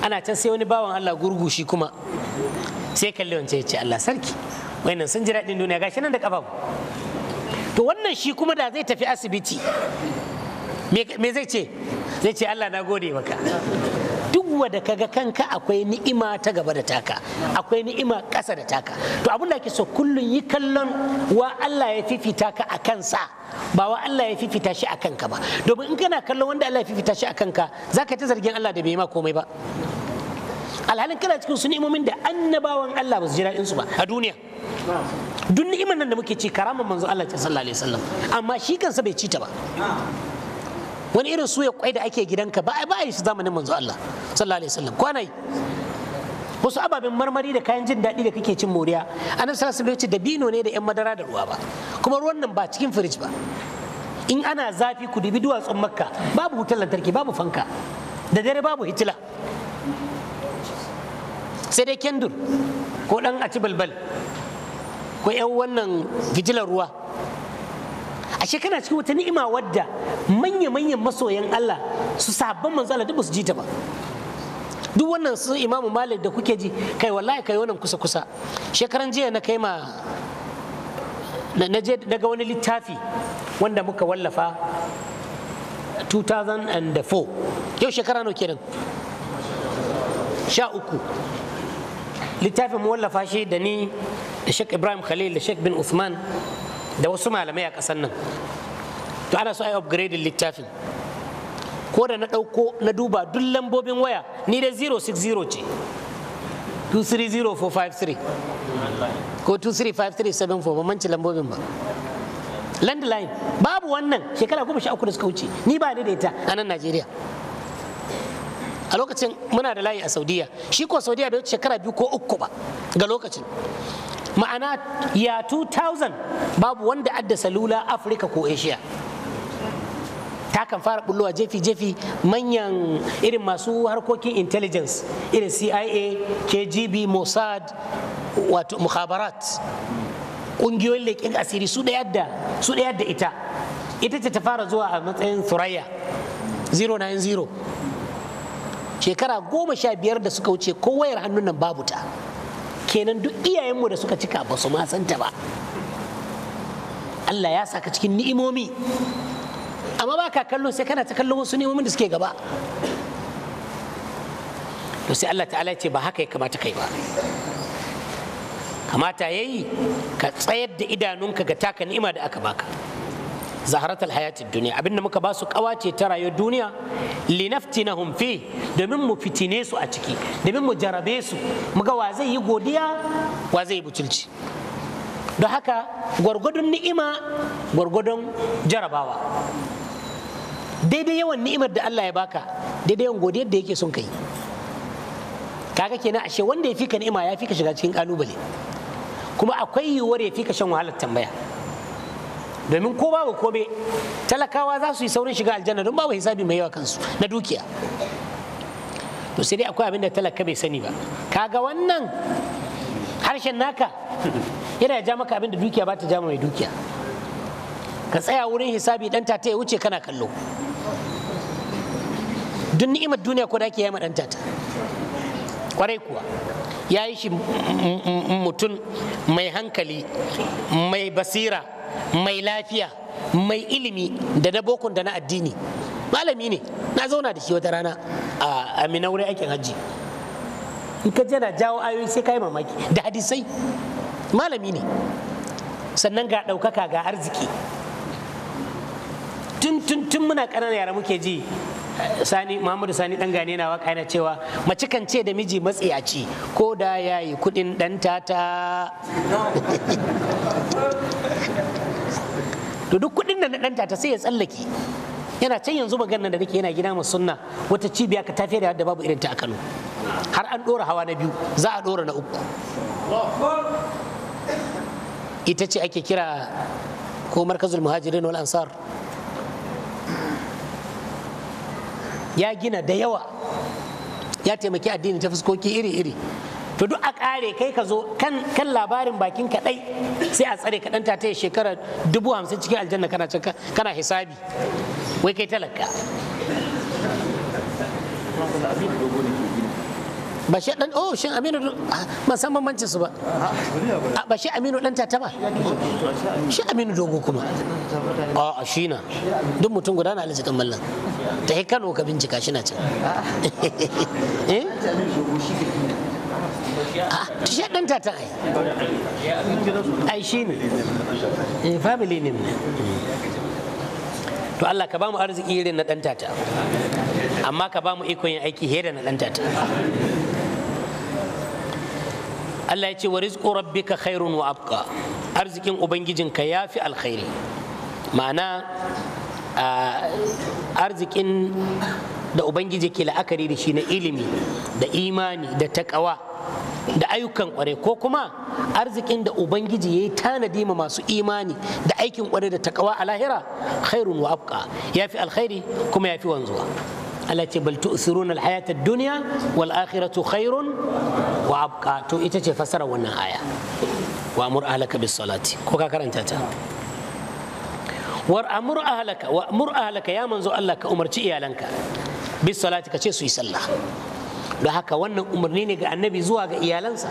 S1: ana can sai wani bawan Allah gurgu shi kuma sai kalle wancan ya ce Allah sarki wayannan sun ji daɗin duniya gashi nan da ƙafafu to wannan shi kuma da zai tafi asibiti me zai ce zai ce allah na gode maka duk wanda kaga kanka akwai ni'ima ta gaba da taka akwai ni'ima ƙasa da taka to abun da ke so kullum yi kallon wa Allah ya fifita ka a kansa ba wa Allah ya fifita shi a kanka ba domin in kana kallon wanda Allah ya fifita shi a kanka zaka ta zargin Allah da bai ma komai ba alhalin kana cikin su ni'imomin da annabawan Allah ba su ji daɗin su ba a duniya duk ni'imar nan da muke ci karaman manzo Allah sallallahu alaihi wasallam amma shi kansa bai ci ta ba wani irin suya kwai da ake gidanka ba ba yi su zamanin manzo Allah sallallahu alaihi wasallam kwana yi wasu ababen marmari da kayan jin daɗi da kake cin moriya anan sallallahu alaihi wasallam dabino ne da yan madara da ruwa ba kuma ruwan nan ba cikin firij ba in ana zafi ku dubi duwatsun makka babu wutar lantarki babu fanka da dare babu hitila sai dai kendur ko dan a ci balbal ko yan wannan fijilar ruwa A kana cikin wata ni'ima wadda manya-manyan masoyan Allah su sabon manzo Allah duk su ji ta ba duk wannan su imamu malik da kuke ji kai wallahi kai wannan kusa-kusa shekaran jiya na kai ma na je daga wani littafi wanda muka wallafa 2004 yau shekara nau kenan sha uku littafin wallafa shi da ni da Sheikh Ibrahim Khalil da Sheikh bin usman da wasu malamai a ƙasar nan to ana so a yi upgrading littafin ko da na ɗauko na duba duk lambobin waya ni da 060 ce 230453 ko 23537 ba manci lambobin ba landline babu wannan shekara goma sha uku da suka wuce ni ba ni da ita a nan najeriya lokacin muna da layi a saudiya shi ko saudiya da shekara biyu ko uku ba ga lokacin ma'ana ya 2000 babu wanda adda salula afirka ko asia ta kan fara bullowa jefi-jefi manyan irin masu harkokin intelligence irin cia kgb mossad wato mukhabarat ƙungiyoyin leƙin asiri su ɗaya da su ɗaya da ita ita ce ta fara zuwa a matsayin thuraya 090 shekara goma sha biyar da suka wuce ko wayar hannun nan babu ta kenan duk iyayenmu da suka cika ba su ma ta ba Allah ya saka cikin ni'imomi amma ba ka kallon sai kana ta kallon wasu ni'imomin da suke gaba to sai Allah ta'ala ce ba haka ya kamata kai ba kamata yayi ka tsayar da idanunka ga taka ni'ima da aka baka zaharatul hayatid duniya abinda muka ba su kawace ta rayuwar duniya linaftinahum fi domin mu fitine su a ciki domin mu jarabe su muga wa zai yi godiya wa zai butulci don haka gwargwadon ni'ima gwargwadon jarabawa daidai yawan ni'imar da Allah ya baka daidai yawan godiyar da yake son kai kaga kenan ashe wanda ya fika ni'ima ya fika shiga cikin kalubale kuma akwai yiwuwar ya fika shan wahalar tambaya domin ko babu kome talakawa za su yi saurin shiga aljanna don babu hisabi mai yawa kansu na dukiya to sai dai akwai abin da talaka bai sani ba kaga wannan harshen naka yana ja maka abin da dukiya ba ta ja mai dukiya ka tsaya wurin hisabi dan tata ya wuce kana kallo duk ni'imar duniya ko da ke yi ma ta kwarai kuwa ya yi shi mutum mai hankali mai basira mai lafiya mai ilimi da na bokun da na addini malami ne na zauna da shi wata rana a minaure aikin hajji in ka jana jawo ayoyi sai ka yi mamaki da hadisai malami ne sannan ga ɗaukaka ga arziki tun tun tun muna ƙananan yara muke ji sani muhammadu sani dan gane na waka yana cewa mace kan ce da miji matsiyaci ko da yayi kudin dan tata to duk kuɗin da na danta ta sai ya tsallake yana can yanzu nan da nake yana gina mu sunna wata cibiya ka tafiya da babu irin ta a Kano har an dora hawa na biyu za a ɗora na uku ita ce ake kira ko markazul muhajirin wal ansar ya gina da yawa ya taimaki addini ta fuskoki iri-iri to duk a kare kai ka zo kan kan labarin bakin kadai sai a tsare ka ta ta shekara dubu hamsin cikin aljanna kana kana hisabi wai kai talaka ba shi dan oh shin aminu ah, ban san bambancin su ba ah, ba shi aminu dan tata ba shi aminu dogo kuma a a shi na duk mutum guda na alhaji mallan ta yi kano ka bincika shi na can eh? Ah, tushe ɗan tata ai ai shi ne eh, family ne to Allah ka ba mu arziki irin na ɗan tata amma ka ba mu ikon yin aiki hera na ɗan tata Allah ya ce wa rizqu rabbika khairun wa abqa arzikin ubangijinka yafi alkhairi ma'ana arzikin da ubangiji ke la'akari da shi na ilimi da imani da takawa da ayyukan kware ko kuma arzikin da ubangiji ya yi tanadi ma masu imani da aikin kware da takawa a lahira khairun wa abqa ya fi alkhairi kuma ya fi wanzuwa Allah ce bal tu'siruna alhayata ad-dunya wal akhiratu khairun wa abqa to ita ce fasara wannan aya wa amur ahlaka bis salati ko ka karanta ta war amur ahlaka wa amur ahlaka ya manzo Allah ka umarci iyalanka bis salati ka ce su yi sallah don haka wannan umarni ne ga annabi zuwa ga iyalansa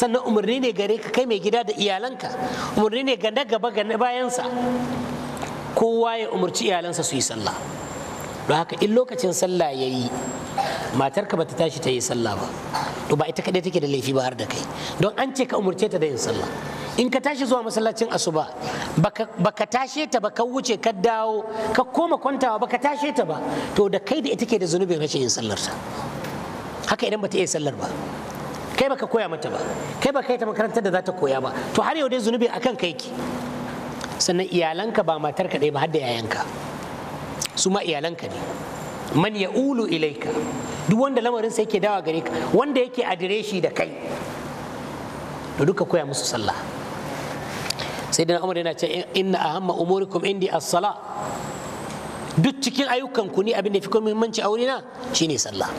S1: sannan umarni ne gare ka kai mai gida da iyalanka umarni ne ga na gaba ga bayansa kowa ya umarci iyalansa su yi sallah don haka in lokacin sallah ya yi matarka ba ta tashi ta yi sallah ba to ba ita kadai take da laifi ba har da kai don an ce ka umarce ta da yin sallah in ka tashi zuwa masallacin asuba ba ka tashe ta ba ka wuce ka dawo ka koma kwantawa ba ka tashe ta ba to da kai da ita ke da zunubin rashin yin sallar haka idan bata iya sallar ba kai baka koya mata ba kai baka yi ta makarantar da za ta koya ba to har yau dai zunubi akan kai ki sannan iyalanka ba matar ka ba har da yayanka su ma iyalanka ne man ya ulu ilaika duk wanda lamarin sai yake dawa gare ka wanda yake adireshi da kai da duka koya musu sallah sai da umar yana ce inna ahamma umurikum indi as-sala duk cikin ayyukan ku ne abin da fi komai muhimmanci a wurina shine sallah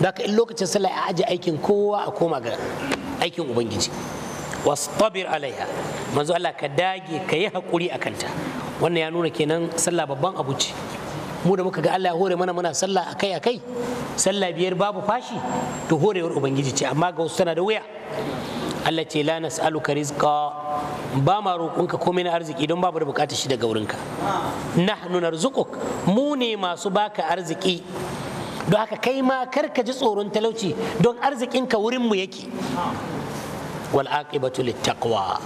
S1: daga in lokacin sallah ya aji aikin kowa a koma ga aikin ubangiji wastabir alaiha manzo Allah ka dage ka yi hakuri a kanta wannan ya nuna kenan sallah babban abu ce mu da muka ga Allah ya hore mana muna sallah akai akai sallah biyar babu fashi to horewar ubangiji ce amma ga wasu tana da wuya Allah ce la nas'aluka rizqa ba ma roƙonka komai na arziki don babu da bukatar shi daga wurinka nahnu narzuquk mu ne masu baka arziki don haka kai ma kar ka ji tsoron talauci don arzikinka wurinmu yake wal aqibatu littaqwa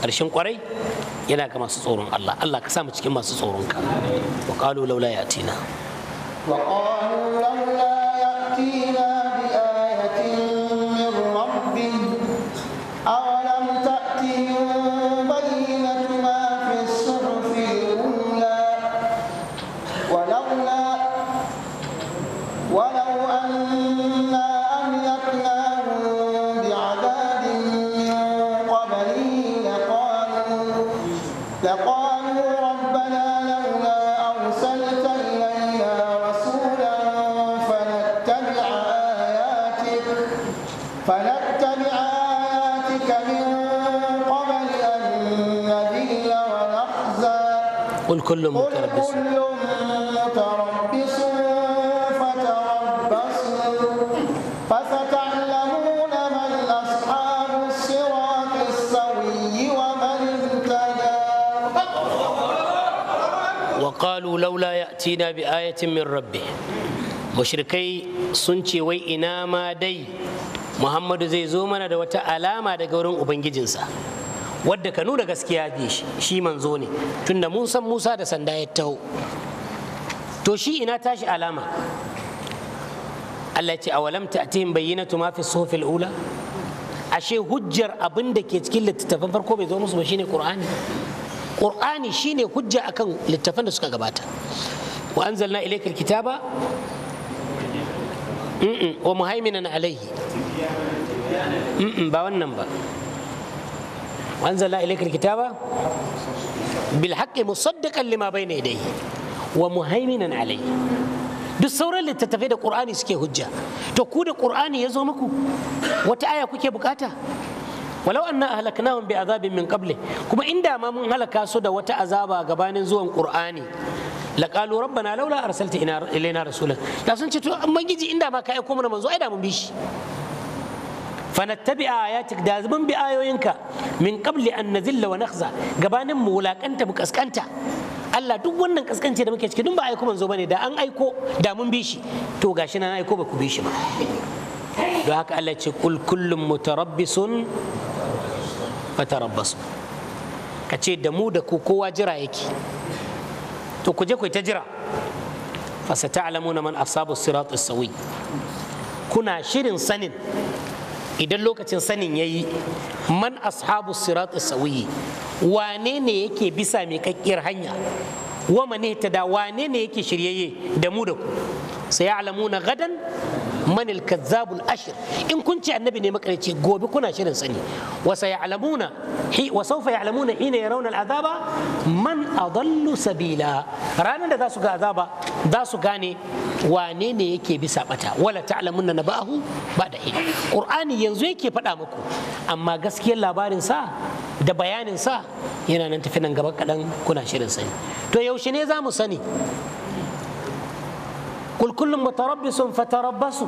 S1: karshen kwarai yana ga masu tsoron Allah Allah ka sa mu cikin masu tsoron ka wa qalu laula yatina wa qalu laula كل متربص
S2: متربص فتربصوا فستعلمون من أصحاب الصراط السوي ومن اهتدى
S1: وقالوا لولا يأتينا بآية من ربه mushrikai sun ce wai ina ma dai muhammadu zai zo mana da wata alama daga wurin ubangijinsa wadda ka nuna gaskiya ne shi manzo ne tunda mun san musa da sanda ya taho to shi ina tashi alama Allah ce awalam ta'tihim bayyinatu ma fi suhufil ula ashe hujjar abin da ke cikin littattafan farko bai zo musu ba shine qur'ani qur'ani shine hujja akan littattafan da suka gabata wa anzalna ilayka alkitaba wa muhaiminan alayhi ba wannan ba anzalna ilayka ba? bil haqqi musaddiqan lima bayna yadayhi wa muhaiminan alai. duk sauran littattafai da ƙur'ani suke hujja to ku da ƙur'ani ya zo muku wata aya kuke bukata walau anna ahlaknahum bi azabin min qabli kuma inda ma mun halaka su da wata azaba gabanin zuwan qur'ani laƙalu rabbana laula arsalta ilaina rasulan da sun ce to an magiji inda ma ka aiko mana manzo ai da mun bi shi fanattabi ayatik da zubin bi ayoyinka min qabli an nazilla wa nakhza mu wulakanta mu kaskanta Allah duk wannan kaskanci da muke ciki duk ba aiko manzo bane da an aiko da mun bi shi to gashi na aiko ba ku bi shi ba don haka Allah ce kul kullum mutarabbisun fatarabbasu ka ce da mu da ku kowa jira yake to ku je ku ta jira fasata alamuna man asabu sirat sawi kuna shirin sanin idan lokacin sanin ya yi man ashabu sirat sauyi, wane ne yake bisa mai kakkiyar hanya wa mane ta da wane ne yake shiryayye da mu da ku sai ya na gadan manil kazzabul ashir in kun ce annabi ne makareci gobe kuna shirin sani wa sayalamuna wa sawfa ya'lamuna hina yarawna al'azaba man adallu sabila ranar da za su ga azaba za su gane wane ne yake bisa bata wala ta'lamunna nabahu ba da hin qur'ani yanzu yake faɗa muku amma gaskiyar labarin sa da bayanin sa yana nan tafi nan gaba kaɗan kuna shirin sani to yaushe ne za mu sani kul kullum mutarabbisun fatarabbasu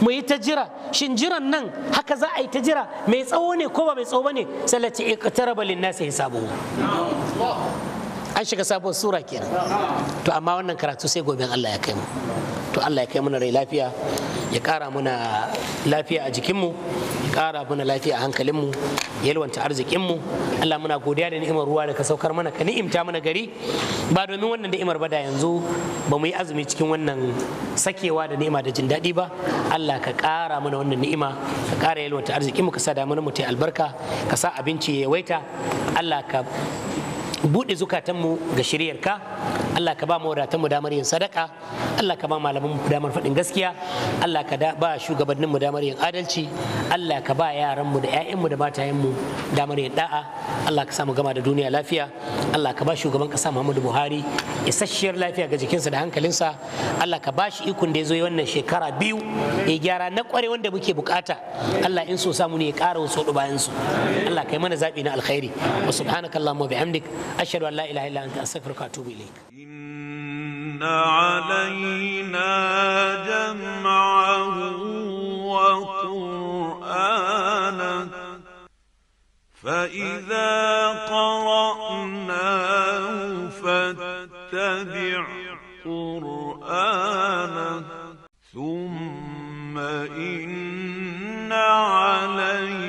S1: mu yi ta jira shin jiran nan haka za a yi ta jira mai tsawo ne ko ba mai tsawo bane sallati iqtaraba lin-nasi hisabuhu an shiga sabon sura kenan to amma wannan karatu sai gobe Allah ya kai mu to Allah ya kai mana rai lafiya ya kara mana lafiya a jikinmu kara mana lafiya a hankalinmu yalwanta arzikinmu Allah muna godiya da ni'imar ruwa da ka saukar mana ka ni'imta mana gari ba domin wannan ni'imar ba da yanzu ba mu yi azumi cikin wannan sakewa da ni'ima da jin daɗi ba Allah ka ƙara mana wannan ni'ima ka ƙara yalwanta arzikinmu ka sa damar mu ta albarka ka sa abinci ya yawaita Allah ka buɗe zukatanmu ga shiryarka Allah ka ba mu wadatanmu damar yin sadaka Allah ka ba malaman damar faɗin gaskiya Allah ka ba shugabanninmu damar yin adalci Allah ka ba yaran da 'ya'yanmu mu da matayen mu damar yin da'a Allah ka samu gama da duniya lafiya Allah ka ba shugaban ƙasa Muhammadu Buhari isasshiyar lafiya ga jikinsa da hankalinsa Allah ka ba shi ikon da ya zo wannan shekara biyu ya gyara na ƙware wanda muke bukata Allah in so samu ne ya ƙara wasu bayan su Allah ka yi mana zaɓi na alkhairi wa subhanakallahumma bihamdik أشهد أن لا إله إلا أنت أستغفرك وأتوب إليك إن علينا جمعه وقرآنه فإذا قرأناه فاتبع قرآنه ثم إن علينا